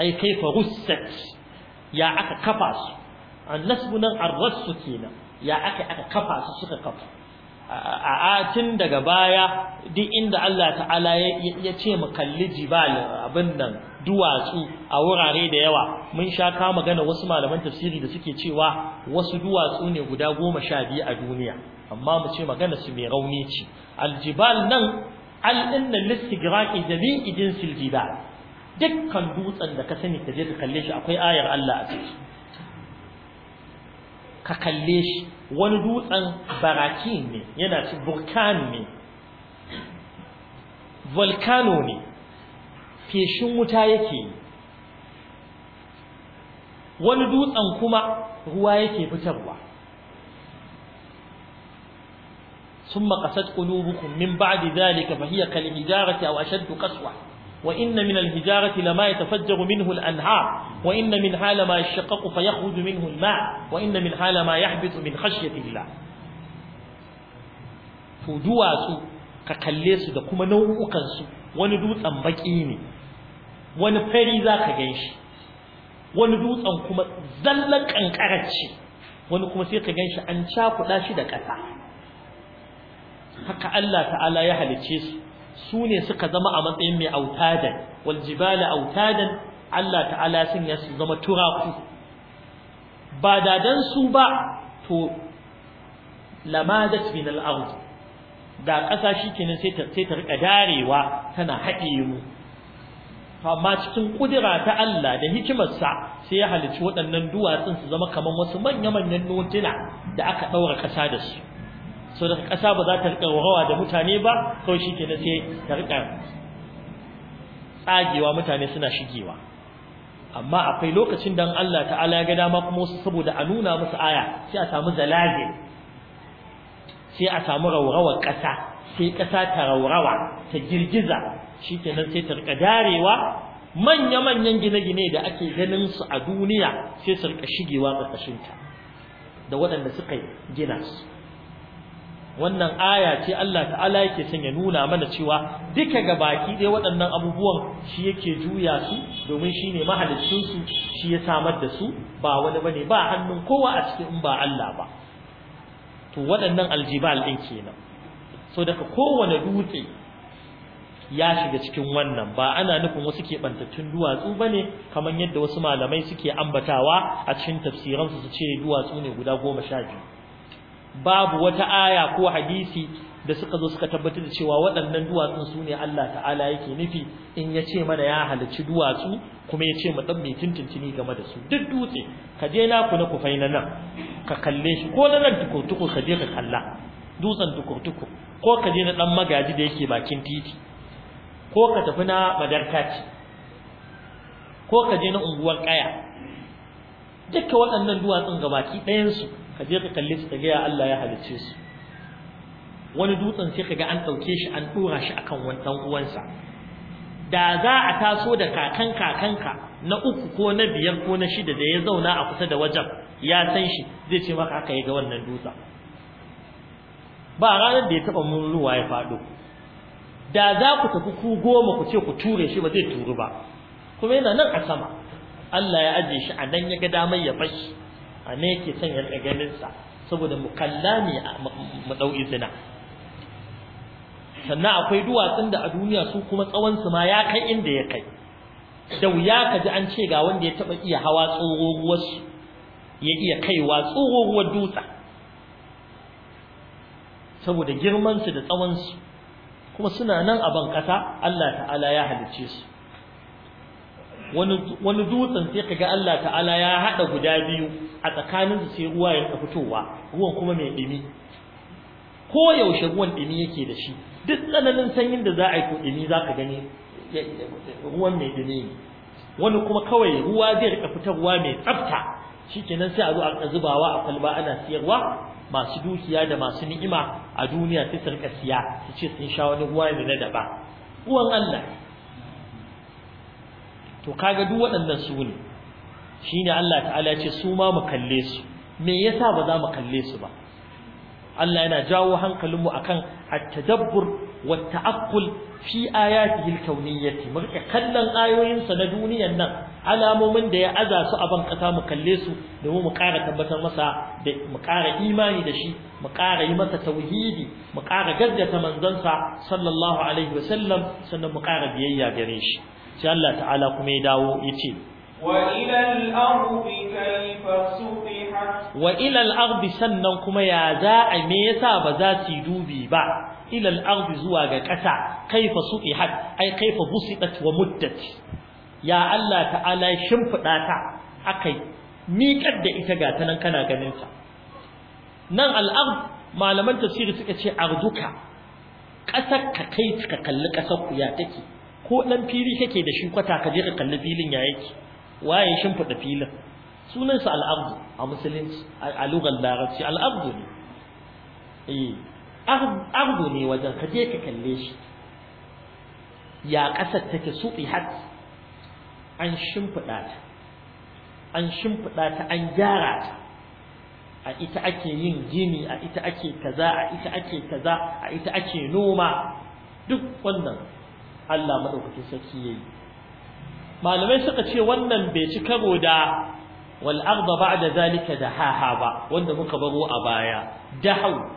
Speaker 2: ai kaifa russat ya aka kafa su annasbu nan arrassu kenan ya aka aka kafa su suka kafa a tun daga baya duk inda Allah ta'ala ya ce mu kalli jibal abin nan duwatsu a wurare da yawa mun sha ka magana wasu malaman tafsiri da suke cewa wasu duwatsu ne guda goma sha biyu a duniya amma mu ce magana su mai rauni ce aljibal nan al inna listigraqi jami'i jinsil jibal dukkan dutsen da ka sani ka je ka kalle shi akwai ayar Allah a ciki ka kalle shi wani dutsen barakin ne yana ci burkan ne volcano ne feshin wuta yake yi wani dutsen kuma ruwa yake fitarwa Sun ثم قست قلوبكم badi بعد ذلك فهي كالحجارة أو shaddu kaswa وإن من الحجارة لما يتفجر منه الأنهار وإن من حال ما يشقق فيخرج منه الماء وإن من حال ما يحبط من خشية الله فدواسو su da kuma nau'ukan su wani dutsen baki ne wani fari zaka ganshi wani dutsen kuma zallan ce wani kuma sai ka shi an cakuda shi da ƙasa haka Allah ta'ala ya halice su su ne suka zama a matsayin mai autadan wal jibala autadan Allah ta'ala sun ya su zama turaku ba dadan su ba to lamadat min al-ard da ƙasa shikenan sai ta sai ta rika darewa tana haɗe mu amma cikin kudura ta Allah da hikimarsa sai ya halicci waɗannan duwatsun su zama kamar wasu manya-manyan notuna da aka ɗaura ƙasa da su so da ƙasa ba za ta rika rawa da mutane ba kawai shi ke sai ta rika tsagewa mutane suna shigewa amma akwai lokacin dan Allah ta'ala ya ga dama kuma wasu saboda a nuna musu aya sai a samu zalaje sai a samu rawrawar ƙasa sai ƙasa ta rawrawa ta girgiza nan sai ta rika darewa manya-manyan gine-gine da ake ganin su a duniya sai su rika shigewa ƙarƙashinta da waɗanda suka gina su wannan aya ce Allah ta'ala yake son ya nuna mana cewa duka ga baki ɗaya waɗannan abubuwan shi yake juya su domin shi ne mahalicin shi ya samar da su ba wani bane ba hannun kowa a cikin in ba Allah ba to waɗannan aljibal ɗin kenan so daga kowane dutse ya shiga cikin wannan ba ana nufin wasu ke keɓantattun duwatsu ba ne kamar yadda wasu malamai suke ambatawa a cikin tafsiransu su ce duwatsu ne guda goma sha biyu babu wata aya ko hadisi da suka zo suka tabbatar da cewa waɗannan duwatsun su ne Allah ta'ala yake nufi in ya ce mana ya halarci duwatsu kuma ya ce mu ɗan mai tuntuntuni game da su duk dutse ka je naku na kufai na nan ka kalle shi ko na nan tukur ka je ka kalla dutsen tukur ko ka je na ɗan magaji da yake bakin titi ko ka tafi na madarkaci ko ka je na unguwar ƙaya duka waɗannan duwatsun gabaki ɗayansu ka je ka kalle su ka gaya Allah ya halicce su wani dutsen sai ga an ɗauke shi an dora shi akan wani dan uwansa da za a taso da kakan kakanka na uku ko na biyar ko na shida da ya zauna a kusa da wajen ya san shi zai ce maka aka yi ga wannan dutsen ba ranar da ya taɓa mun ya faɗo da za ku tafi ku goma ku ce ku ture shi ba zai turu ba kuma yana nan a sama Allah ya ajiye shi a nan ya ga damar ya fashi a me yake son ya ganin saboda mu ne mu dau izina sannan akwai duwatsun da a duniya su kuma tsawon su ma ya kai inda ya kai da wuya ka ji an ce ga wanda ya taba iya hawa tsohuwar ya iya kaiwa tsohuwar dutsa saboda girman da tsawon kuma suna nan a ban kasa Allah ta'ala ya halicce su wani dutsen sai kaga Allah ta'ala ya hada guda biyu a tsakanin su sai ruwa ya fitowa ruwan kuma mai dimi ko yaushe ruwan dimi yake da shi duk tsananin sanyin da za a yi ko dimi ka gani ruwan mai dimi wani kuma kawai ruwa zai rika fitarwa mai tsafta shikenan sai a zo a zubawa a kwalba ana siyarwa masu dukiya da masu ni'ima a duniya sai su rika siya su ce sun sha wani ruwa ne na daba ruwan Allah to kaga duk waɗannan su ne shine Allah ta'ala ce su ma mu kalle su me yasa ba za mu kalle su ba Allah yana jawo hankalinmu akan at-tadabbur wa at-ta'aqqul fi ayatihi al-kawniyyah mu kallon ayoyinsa na duniyar nan alamomin da ya aza su a ban kasa mu kalle su domin mu ƙara tabbatar masa da mu ƙara imani da shi mu ƙara yi masa tauhidi mu ƙara gaggata sa, sallallahu alaihi wasallam sannan mu ƙara biyayya gare shi sai Allah ta'ala kuma ya dawo yace wa ila ardi sannan kuma ya za a me yasa ba za su dubi ba Ilal arbi ardi zuwa ga ƙasa kaifa suqihat ai kaifa busidat wa muddat ya Allah ta'ala shimfida ta akai miƙar da ita ga tanan kana ganin ta nan al-ard malaman tafsiri suka ce arduka ƙasar ka kai ka kalli ƙasar ku ya take ko dan fili kake da shi kwata ka je ka kalli filin ya yake waye shimfida filin sunansa al'abdu a musulunci a lugar larabci al'abdu ne eh ardu ne wajen ka je ka kalle shi ya ƙasar take suqihat an shimfida ta an shimfida ta an gyara ta a ita ake yin gini a ita ake kaza a ita ake kaza a ita ake noma duk wannan Allah madaukakin sarki yi. malamai suka ce wannan bai ci karo da wal arda ba'da zalika da haha ba wanda muka baro a baya dahau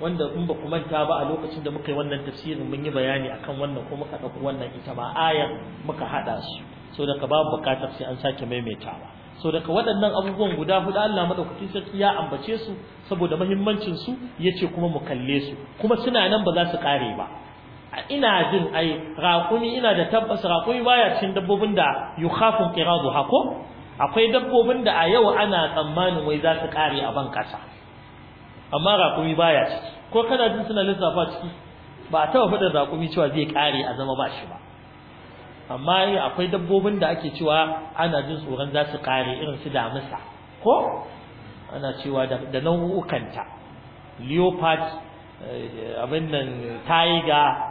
Speaker 2: wanda in ba ku manta ba a lokacin da muka yi wannan tafsirin mun yi bayani akan wannan ko muka dauko wannan ita ma ayar muka haɗa su so ka babu bukatar sai an sake maimaitawa so daga waɗannan abubuwan guda hudu Allah madaukakin sarki ya ambace su saboda muhimmancin su yace kuma mu kalle su kuma suna nan ba za su kare ba ina jin ai raƙumi ina da tabbas raƙumi baya cin dabbobin da yukhafun qiradu hako akwai dabbobin da a yau ana tsammanin wai za su kare a ban kasa amma raƙumi baya ciki ko kana jin suna lissafa ciki ba a taɓa faɗin raƙumi cewa zai kare a zama ba shi ba amma akwai dabbobin da ake cewa ana jin tsoron za su kare irin su damisa ko ana cewa da nau'ukanta leopard eh, abin nan tiger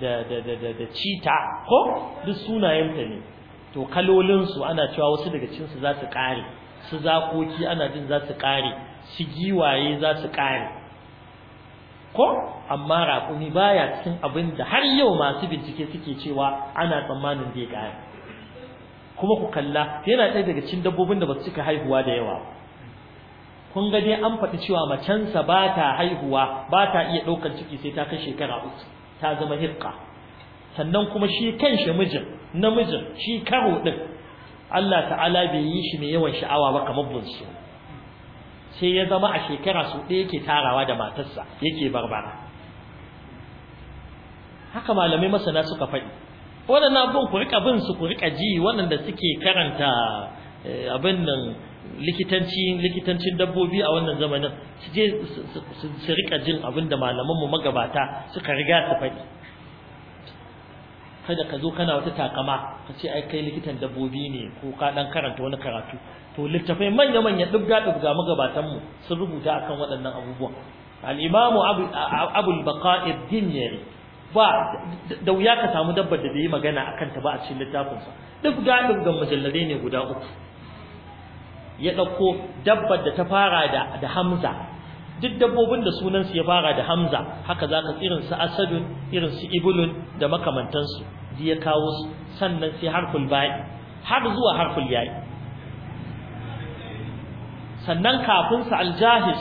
Speaker 2: eh, da cheetah ko duk sunayenta ne to kalolin ana cewa wasu daga cikin su za su kare su zakoki ana jin za su kare su giwaye za su kare ko amma raƙumi baya cikin abin da har yau masu bincike suke cewa ana tsammanin zai ƙare kuma ku kalla yana ɗaya daga cikin dabbobin da ba su cika haihuwa da yawa kun ga dai an faɗi cewa macensa ba ta haihuwa ba ta iya ɗaukar ciki sai ta kai shekara uku ta zama hirka sannan kuma shi kan shi mijin namijin shi karo ɗin Allah ta'ala bai yi shi mai yawan sha'awa ba kamar bunsu sai ya zama a shekara su ɗaya ke tarawa da matarsa yake barbara haka malamai masana suka faɗi waɗannan abubuwan ku rika bin su ku rika ji waɗanda suke karanta eh, abin nan likitancin likitancin dabbobi a wannan zamanin su je su rika jin abin da malamanmu magabata suka riga su faɗi kada ka zo kana wata takama ka ce ai kai likitan dabbobi ne ko ka dan karanta wani karatu to littafai manya manya dubga dubga magabatan mu sun rubuta akan waɗannan abubuwan al-imam abu al ba da wuya ka samu dabbar da yi magana akan ta ba a cikin littafin sa dubga dubgan ne guda uku ya ɗauko dabbar da ta fara da hamza duk dabbobin da sunansu ya fara da hamza haka zaka irin su asadun irin su ibulun da makamantansu ji ya kawo sannan sai harful bai har zuwa harful yayi sannan kafinsa aljahis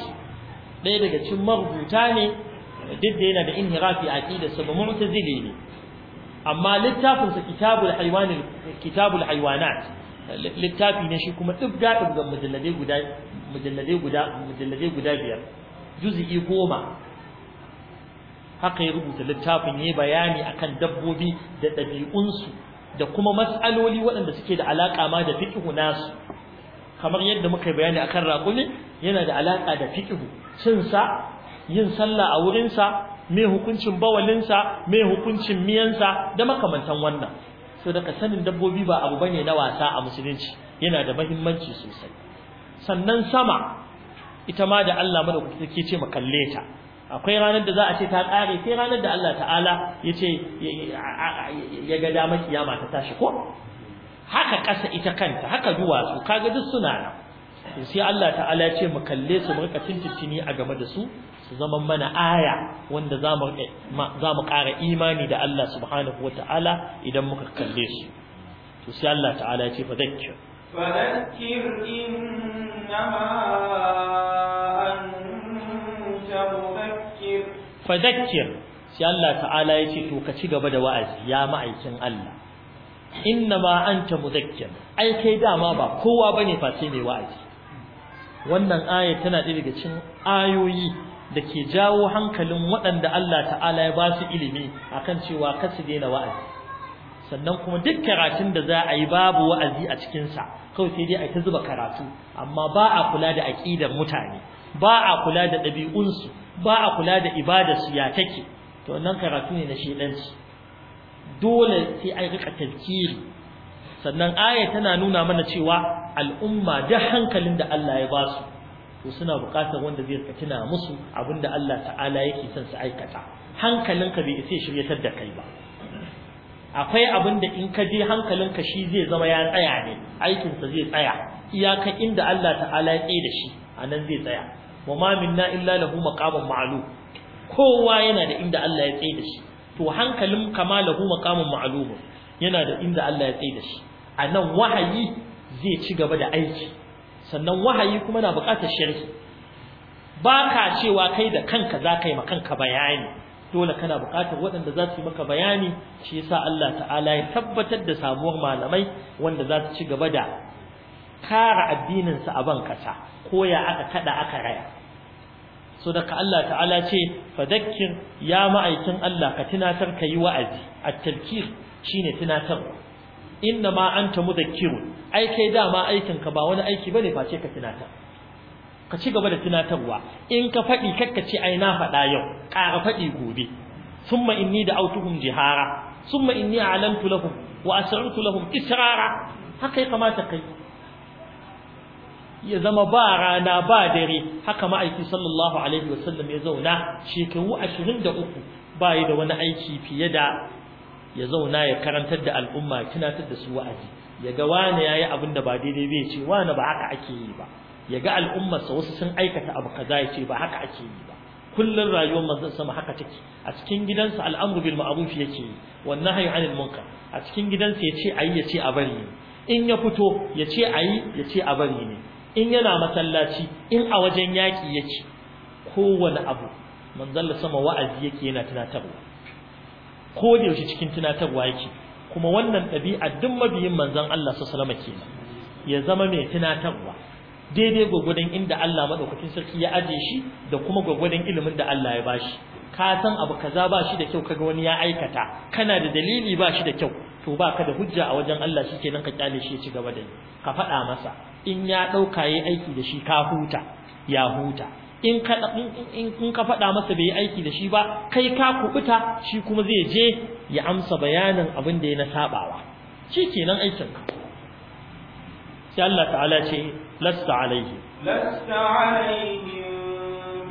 Speaker 2: ɗaya daga cikin marubuta ne duk da yana da inhirafi a ƙida sa mu'tazili ne amma littafinsa kitabul haywan kitabul haywanat littafi ne shi kuma dubda dubda mujalladai guda mujalladai guda mujalladai guda biyar juz'i goma haka ya rubuta littafin yayi bayani akan dabbobi da ɗabi'unsu da kuma matsaloli waɗanda suke da alaƙa ma da fiqhu nasu kamar yadda muka yi bayani akan raƙumi yana da alaƙa da fiqhu cin sa yin sallah a wurin sa me hukuncin bawalin sa me hukuncin miyan sa da makamantan wannan so daga sanin dabbobi ba abu bane na wasa a musulunci yana da muhimmanci sosai sannan sama ita ma da Allah madaukaki take ce mu kalle ta akwai ranar da za a ce ta ƙare sai ranar da Allah ta'ala ya ce ya ga dama kiyama ta tashi ko haka ƙasa ita kanta haka duwatsu kaga duk suna nan to sai Allah ta'ala ya ce mu kalle su mu rika tintintini a game da su su zama mana aya wanda za mu ƙara imani da Allah subhanahu wata'ala idan muka kalle su to sai Allah ta'ala ya ce fa zakkir
Speaker 1: fa zakkir innama anta mudakkir
Speaker 2: fa zakkir sai Allah ta'ala ya ce to ka ci gaba da wa'azi ya ma'aikin Allah innama anta muzakkir ai kai dama ba kowa bane face mai wa'azi wannan aya tana ɗaya daga cikin ayoyi da ke jawo hankalin waɗanda Allah ta'ala ya ba su ilimi akan cewa kasu daina wa'azi sannan kuma duk karatun da za a yi babu wa'azi a cikin sa kawai sai dai a ta zuba karatu amma ba a kula da aƙidar mutane ba a kula da ɗabi'unsu ba a kula da su ya take to wannan karatu ne na shedanci dole sai a rika tafkiri sannan aya tana nuna mana cewa al'umma da hankalin da Allah ya ba su to suna buƙatar wanda zai rika tuna musu abinda Allah ta'ala yake son su aikata hankalinka bai isa shiryatar da kai ba akwai abinda da in ka je hankalinka shi zai zama ya tsaya ne aikinsa zai tsaya iyaka inda Allah ta'ala ya tsaye da shi anan zai tsaya wa ma minna illa lahu maqamun ma'lum kowa yana da inda Allah ya tsaye da shi to hankalin kama lahu maqamun ma'lum yana da inda Allah ya tsaye da shi a nan wahayi zai ci gaba da aiki sannan wahayi kuma na buƙatar sharhi ba ka cewa kai da kanka za ka yi kanka bayani dole kana buƙatar waɗanda za su yi maka bayani shi yasa Allah ta'ala ya tabbatar da sabuwar malamai wanda za su ci gaba da kara addinin addininsa a ban kasa ko ya aka kada aka raya so daga Allah ta'ala ce fadakkir ya ma'aikin Allah ka tunatar ka yi wa'azi at talkir shine tunatar inna ma anta mudakkirun ai kai dama aikin ka ba wani aiki bane face ka tunatar ka ci gaba da tunatarwa in ka faɗi kakka ce ai na faɗa yau ƙara faɗi gobe summa inni da autuhum jihara summa inni a'lamtu lahum wa as'artu lahum israra haka ya kamata kai ya zama ba rana ba dare haka ma'aiki sallallahu alaihi wasallam ya zauna shekaru ashirin da uku ba yi da wani aiki fiye da ya zauna ya karantar da al'umma tunatar da su wa'azi Yaga wani ya yi abin da ba daidai bai ce wani ba haka ake yi ba Yaga ga al'ummarsa wasu sun aikata abu kaza ya ce ba haka ake yi ba kullun rayuwar manzon sama haka take a cikin gidansa al'amru bil ma'ruf yake wan nahyi anil munkar a cikin gidansa yace ayi yace a bari ne in ya fito yace ayi yace a bari ne in yana masallaci in a wajen yaki yake kowane abu manzalla sama wa'azi yake yana tunatarwa ko da yaushe cikin tunatarwa yake kuma wannan ɗabi'a duk mabiyin manzon Allah sallallahu alaihi wasallam ya zama mai tunatarwa daidai gwagwadon inda Allah madaukakin sarki ya aje shi da kuma gwagwadon ilimin da Allah ya bashi ka san abu kaza ba shi da kyau kaga wani ya aikata kana da dalili ba shi da kyau to baka da hujja a wajen Allah shikenan ka kyale shi ya ci gaba da ka faɗa masa in ya dauka yayi aiki da shi ka huta ya huta in ka in ka faɗa masa bai aiki da shi ba kai ka kubuta shi kuma zai je ya amsa bayanin abin da ya na sabawa shikenan aikin ka sai Allah ta'ala ce lasta alaihi
Speaker 1: lasta alaihi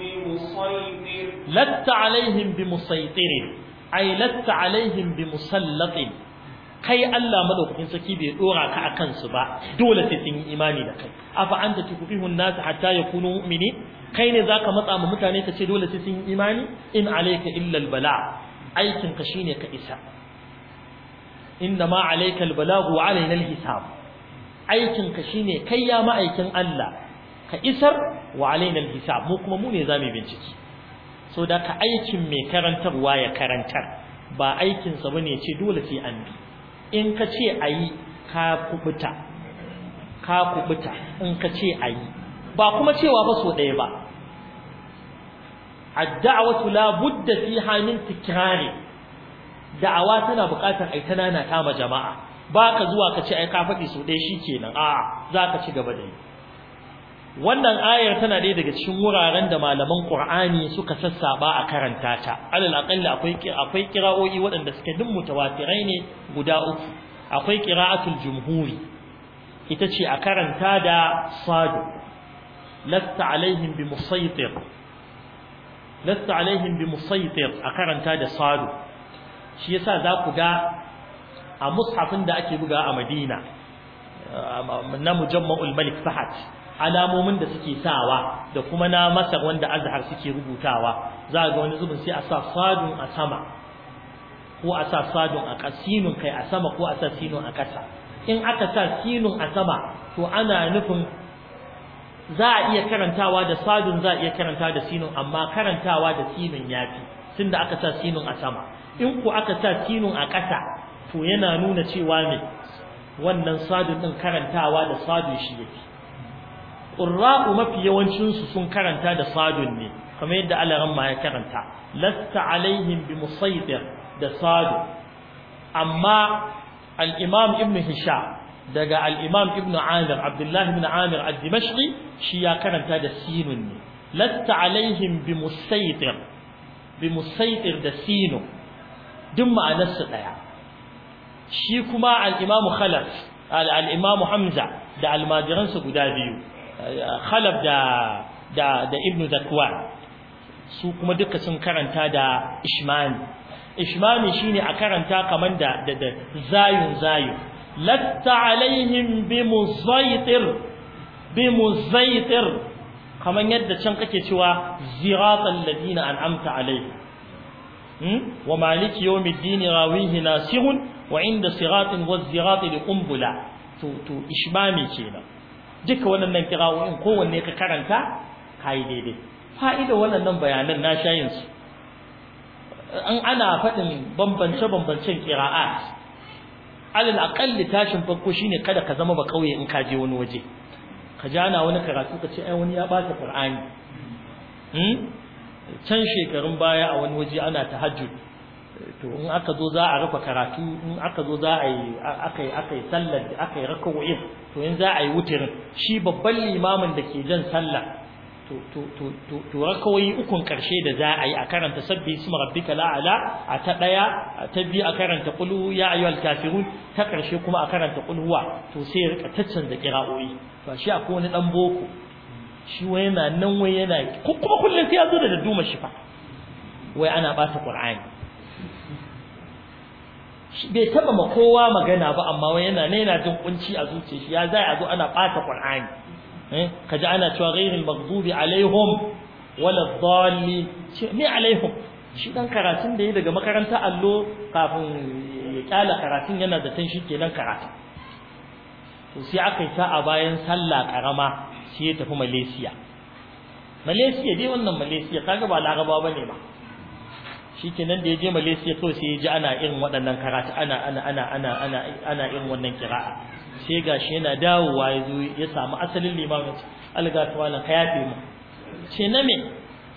Speaker 1: bi musaytir lasta
Speaker 2: alaihim bi musaytir ay lasta alaihim bi musallatin kai Allah madaukakin saki bai dora ka akan su ba dole sai sun yi imani da kai afa anta tukfihun nas hatta yakunu mu'mini kai ne zaka matsa ma mutane ka ce dole sai sun yi imani in alayka illa albala aikin ka shine ka isa inna ma alayka albalagu wa alaina alhisab aikin ka shine kai ya ma'aikin Allah ka isar wa alaina alhisab mu kuma mu ne za mu bincike so da ka aikin mai karantarwa ya karantar ba aikinsa bane ce dole sai an bi in ka ce a yi, ka kubuta ka kubuta in ka ce a yi. ba kuma cewa ba so ɗaya ba ad-da'watu la budda fiha min tikrari da'awa tana bukatar ai tana ta ma jama'a ba ka zuwa ka ce ai ka faɗi so ɗaya shi shikenan a'a za ka ci gaba da yi wannan ayar tana ɗaya daga cikin wuraren da malaman Qur'ani suka sassaba a karanta ta alal aqalla akwai akwai qira'o'i waɗanda suke dun mutawatirai ne guda uku akwai qira'atul jumhuri ita ce a karanta da sadu lasta alaihim bi musaytir lasta alaihim bi musaytir a karanta da sadu shi yasa za ku ga a mushafin da ake buga a Madina na mujamma'ul Malik Fahad alamomin da suke sawa da kuma na masar wanda azhar suke rubutawa za ga wani zubin sai a sa sadun a sama ko a sa sadun a kasinun kai a sama ko a sa sinun a kasa in aka sa sinun a sama to ana nufin za a iya karantawa da sadun za a iya karanta da sinun amma karantawa da sinun yafi tunda aka sa sinun a sama in ku aka sa sinun a kasa to yana nuna cewa ne wannan sadun din karantawa da sadun shi yake qurra'u mafi yawancin su sun karanta da sadun ne kamar yadda alaran ma ya karanta lasta alaihim bi musaytir da sadun amma al-imam ibn hisha daga al-imam ibn amir abdullahi ibn amir ad-dimashqi shi ya karanta da sinun ne lasta alaihim bi musaytir bi musaytir da sinu duk ma'anar su daya shi kuma al-imam khalas al-imam hamza da almajiransa guda biyu khalaf da da da ibn zakwan su kuma duka sun karanta da ishmani ishmani shine a karanta kaman da da zayun zayun latta alaihim bimuzaitir bimuzaitir kaman yadda can kake cewa ziratal ladina an'amta alaihim hmm? wa maliki yawmiddin rawihi nasirun wa inda siratin waz zirati liqumbula to to ishmami kenan duka wannan kirawoyin kowanne ka karanta kai daidai fa'ida wannan bayanan na shayin su an ana fadin bambance bambancen qira'at alal aqalli tashin farko shine kada ka zama ba kauye in ka je wani waje ka jana wani karatu ka ce ai wani ya bata qur'ani hmm can shekarun baya a wani waje ana tahajjud to in aka zo za a rufe karatu in aka zo za a yi akai akai sallar da akai raka'o'in to in za a yi wutirin shi babban limamin da ke jan sallah to to to to to raka'o'i ukun karshe da za a yi a karanta sabbi isma rabbika la'ala a ta daya a ta biyu a karanta qul ya ayyuhal kafirun ta karshe kuma a karanta qul huwa to sai ya rika taccan da kira'o'i to shi akwai wani dan boko shi wai yana nan wai yana kuma kullum sai ya zo da duma shi fa wai ana bata qur'ani bai taba ma kowa magana ba amma wai yana ne yana jin kunci a zuciyar shi ya zai a zo ana bata Qur'ani eh kaji ana cewa ghayril maghdubi alaihim wala dhalli alaihim shi dan karatun da yi daga makaranta allo kafin ya kyala karatun yana da tan shi kenan karatu to sai aka yi ta a bayan sallah karama sai ya tafi Malaysia Malaysia dai wannan Malaysia kaga ba laraba bane ba shikenan da ya je Malaysia to sai ya ji ana irin waɗannan karatu ana ana ana ana ana ana irin wannan kira'a sai gashi yana dawowa ya zo ya samu asalin limamin alga na ka yafe mu ce na me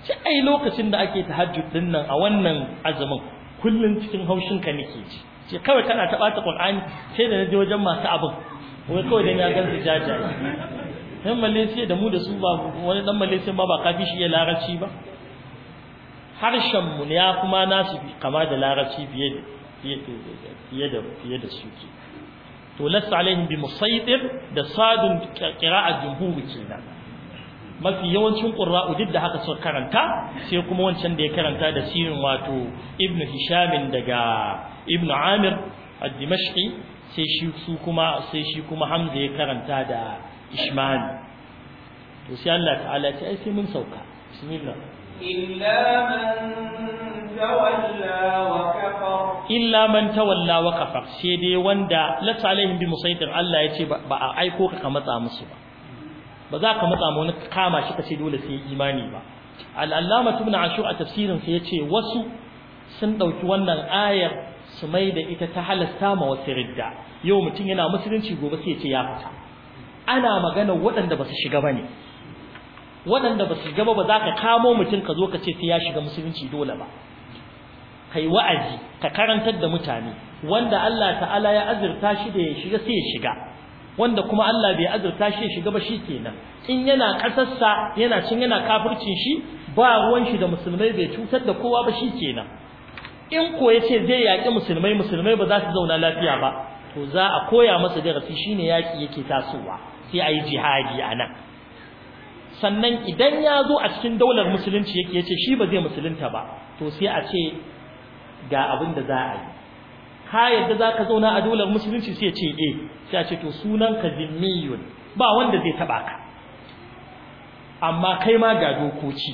Speaker 2: ce ai lokacin da ake tahajjud din nan a wannan azumin kullun cikin haushin ka nake ji ce kawai kana ta bata Qur'ani sai da naje wajen masu abin wai kawai dan ya gansu jajaye dan Malaysia da mu da su ba wani dan Malaysia ba ba kafi shi ya larabci ba
Speaker 1: harshen mu ya kuma nasu
Speaker 2: kama da larabci fiye da fiye da fiye da suke to lasta alaihim bi musaitir da sadun qira'at jumhur kenan mafi yawancin qurra'u duk da haka sun karanta sai kuma wancan da ya karanta da sirin wato ibnu hisham daga ibnu amir ad-dimashqi sai shi su kuma sai shi kuma hamza ya karanta da ishmani to sai Allah ta'ala ya ce ai sai mun sauka bismillah
Speaker 1: illa
Speaker 2: man tawalla wa kafar sai dai wanda lati alaihim bi musaytir Allah yace ba a aiko ka matsa musu ba ba za ka matsa mu wani kama shi ce dole sai imani ba al-allama ibn ashur a tafsirin sa yace wasu sun dauki wannan ayar su mai da ita ta halasta ma wasu ridda yau mutun yana musulunci gobe sai yace ya fita ana magana waɗanda ba su shiga bane waɗanda ba su shiga ba za ka kamo mutum ka zo ka ce sai ya shiga musulunci dole ba kai wa'azi ka karantar da mutane wanda Allah ta'ala ya azurta shi da ya shiga sai ya shiga wanda kuma Allah bai azurta shi ya shiga ba shi kenan in yana ƙasarsa yana cin yana kafircin shi ba ruwan shi da musulmai bai cutar da kowa ba shi kenan in ko ya ce zai yaƙi musulmai musulmai ba za su zauna lafiya ba to za a koya masa darasi shine yaƙi yake tasowa sai a yi jihadi a nan sannan idan ya zo a cikin daular musulunci yake ce shi ba zai musulunta ba to sai a ce ga abin da za a yi
Speaker 1: Ha yadda za ka zauna
Speaker 2: a daular musulunci sai ce eh sai a ce to sunan ka zimmiyun ba wanda zai taba ka amma kai ma ga dokoki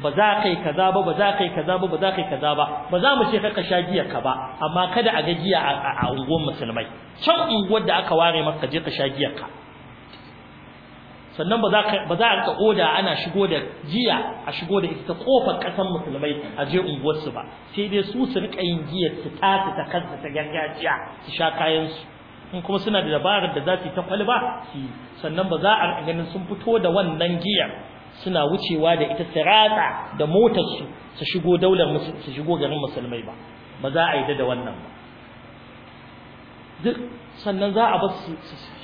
Speaker 2: ba za ka yi kaza ba ba za ka yi kaza ba ba za ka yi kaza ba ba za mu ce ka sha giya ka ba amma kada a ga giya a unguwar musulmai can unguwar da aka ware maka je ka sha giya ka sannan ba za a rika oda ana shigo da jiya a shigo da ita kofar kasan musulmai a je unguwarsu ba sai dai su su rika yin giyar su tafi ta kansa ta gargajiya su sha kayan in kuma suna da dabarar da za su yi ta kwalba su sannan ba za a ganin sun fito da wannan giyar suna wucewa da ita su da motar su su shigo daular su shigo garin musulmai ba ba za a yi da wannan ba duk sannan za a ba su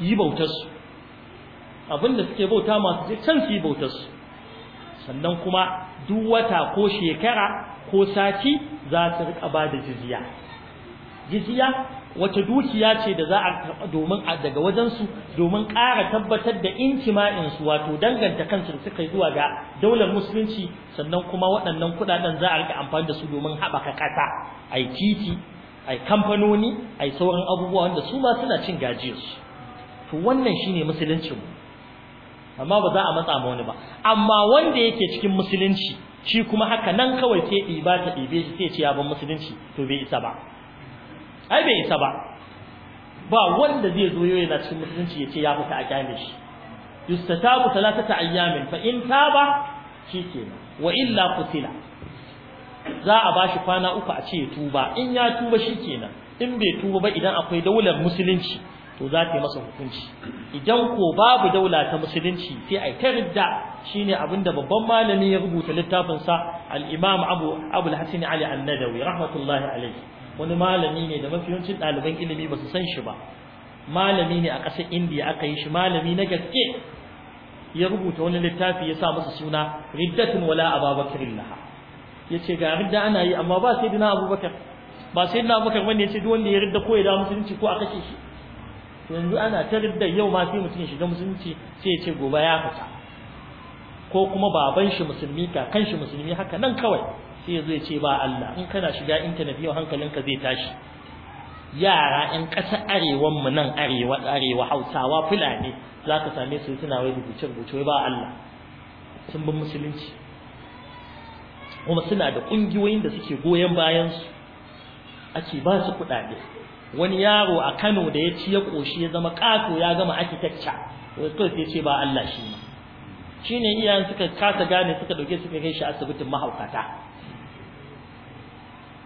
Speaker 2: yi bautar su abinda suke bauta masu je can su yi bautarsu sannan kuma duk wata ko shekara ko sati za su rika ba da jizya jizya wata dukiya ce da za a karɓa domin a daga wajensu domin ƙara tabbatar da intima'insu wato danganta kansu da suka yi zuwa ga daular musulunci sannan kuma waɗannan kuɗaɗen za a rika amfani da su domin haɓaka ƙasa ai titi a kamfanoni ai sauran abubuwa wanda su ma suna cin gajiyarsu to wannan shine musuluncin amma ba za a matsa ma wani ba amma wanda yake cikin musulunci shi kuma haka nan kawai sai ɗiba ta ɗibe shi sai ce ya ban musulunci to bai isa ba ai bai isa ba ba wanda zai zo yau yana cikin musulunci ya ce ya fita a kyale shi yustatabu talatata ayyamin fa in taba shikenan wa illa qutila za a bashi kwana uku a ce ya tuba in ya tuba shi shikenan in bai tuba ba idan akwai daular musulunci to za ta yi masa hukunci idan ko babu daula ta musulunci sai ai ta ridda shine abinda babban malami ya rubuta littafin sa al-Imam Abu Abu al-Hasan Ali An-Nadawi rahmatullahi alayhi wani malami ne da mafiyancin ɗaliban ilimi ba su san shi ba malami ne a ƙasar Indiya aka yi shi malami na gaske ya rubuta wani littafi ya sa masa suna riddatun wala Abubakar laha ce ga ridda ana yi amma ba sai dina Abubakar ba sai dina Abubakar wanda yace duk wanda ya ridda ko ya da musulunci ko a kashe shi to yanzu ana ta ridda yau ma sai mutum shiga musulunci sai ya ce gobe ya fita ko kuma baban shi musulmi ka kan shi musulmi haka nan kawai sai ya zo ya ce ba Allah in kana shiga intanet yau hankalinka zai tashi yara in ƙasa arewan mu nan arewa arewa Hausawa Fulani zaka same su suna wai rubuce rubuce ba Allah sun bin musulunci kuma suna da kungiyoyin da suke goyen bayan su ake ba su kuɗaɗe wani yaro a Kano da ya ci ya koshi ya zama kato ya gama architecture to sai ce ba Allah shi ne. shine iyayen suka kasa gane suka dauke suka kai shi asibitin mahaukata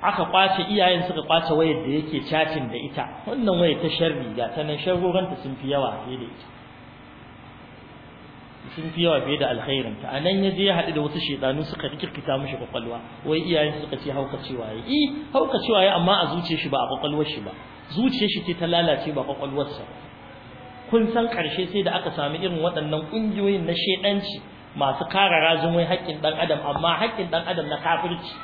Speaker 2: aka kwace iyayen suka kwace wayar da yake chatting da ita wannan wayar ta sharri ga ta nan ta sun fi yawa fiye da ita sun fi yawa fiye da alkhairin ta anan ya je ya haɗu da wasu shaidanu suka rikirkita mishi kwakwalwa wai iyayen suka ce hauka cewa yi eh, hauka cewa ya amma a zuciyar shi ba a kwakwalwar shi ba zuciyar shi ce ta lalace ba sa. kun san karshe sai da aka samu irin waɗannan ƙungiyoyin na shaidanci masu kara rajin wai haƙƙin ɗan adam amma haƙƙin ɗan adam na kafirci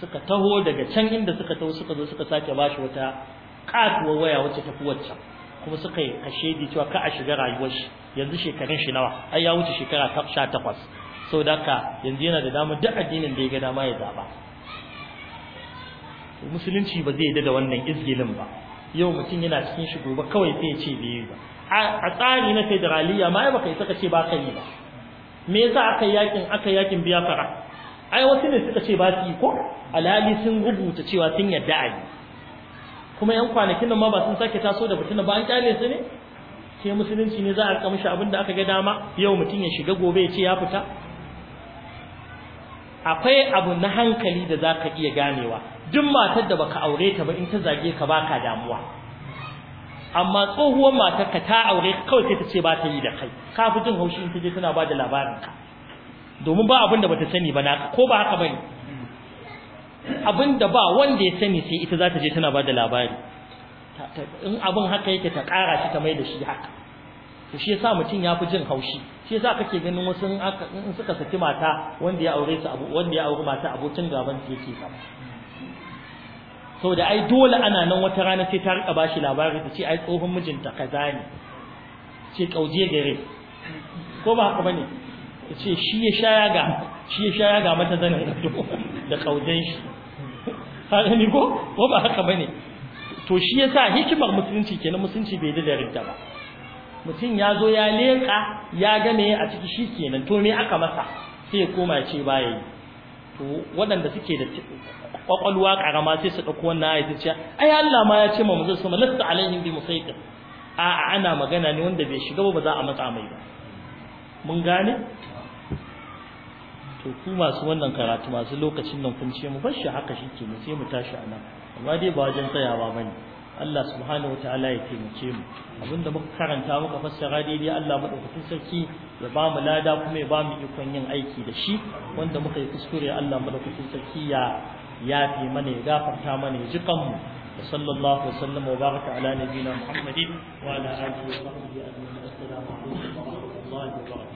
Speaker 2: suka taho daga can inda suka taho suka zo suka sake ba shi wata katuwar waya wacce tafi wacce. kuma suka yi kashe cewa ka a shiga rayuwar shi yanzu shekarun shi nawa ai ya wuce shekara 18 saboda daka, yanzu yana da damar duk addinin da ya ga dama ya zaba musulunci ba zai da wannan izgilin ba yau mutum yana cikin shi gobe kawai sai ya ce bai yi ba a tsari na federaliya ma ai baka yi saka ce ba ka yi ba me yasa aka yakin aka yakin biya fara ai wasu ne suka ce ba su yi ko alhali sun rubuta cewa sun yadda a yi kuma yan kwanakin nan ma ba sun sake taso da mutum ba an kyale su ne sai musulunci ne za a rika mishi abin da aka ga dama yau mutum ya shiga gobe ya ce ya fita akwai abu na hankali da za ka iya ganewa duk matar da baka aure ta ba in ta zage ka ba ka damuwa amma tsohuwar matar ka ta aure kawai sai ta ce ba ta yi da kai ka fi jin haushi in ta je tana ba da labarin ka domin ba abin da bata sani ba naka ko ba haka bane abin da ba wanda ya sani sai ita za ta je tana ba da labari in abin haka yake ta ƙara shi ta mai da shi haka to shi yasa mutum ya fi jin haushi shi yasa kake ganin wasu in suka saki mata wanda ya aure su abu wanda ya aure mata abokin gaban su yake sama saboda ai dole ana nan wata rana sai ta rika bashi labari ta ce ai tsohon mijinta kaza ne ce kauje gare ko ba haka bane ta ce shi ya sha yaga shi ya sha ga mata zanin da kaujen shi ka ni ko ko ba haka bane to shi yasa hikimar musulunci kenan musulunci bai da ridda ba mutum ya zo ya leƙa ya ga me a ciki shi kenan to me aka masa sai ya koma ya ce baya yi to waɗanda suke da kwakwalwa karama sai su ɗauko wannan ayat ce
Speaker 1: ai Allah ma ya ce ma
Speaker 2: manzon sama lasta alaihim bi musaitir a ana magana ne wanda bai shiga ba za a matsa mai ba mun gane to ku masu wannan karatu masu lokacin nan kun ce mu bar shi haka shike mu sai mu tashi anan amma dai ba wajen tsayawa bane Allah subhanahu ta'ala ya taimake mu abinda muka karanta muka fassara daidai Allah madaukakin sarki ya ba mu lada kuma ya ba mu ikon yin aiki da shi wanda muka yi kuskure Allah madaukakin sarki ya yafi mana ya gafarta mana ya ji kanmu وصلى الله وسلم وبارك على نبينا محمد
Speaker 1: وعلى اله وصحبه اجمعين السلام عليكم ورحمه الله وبركاته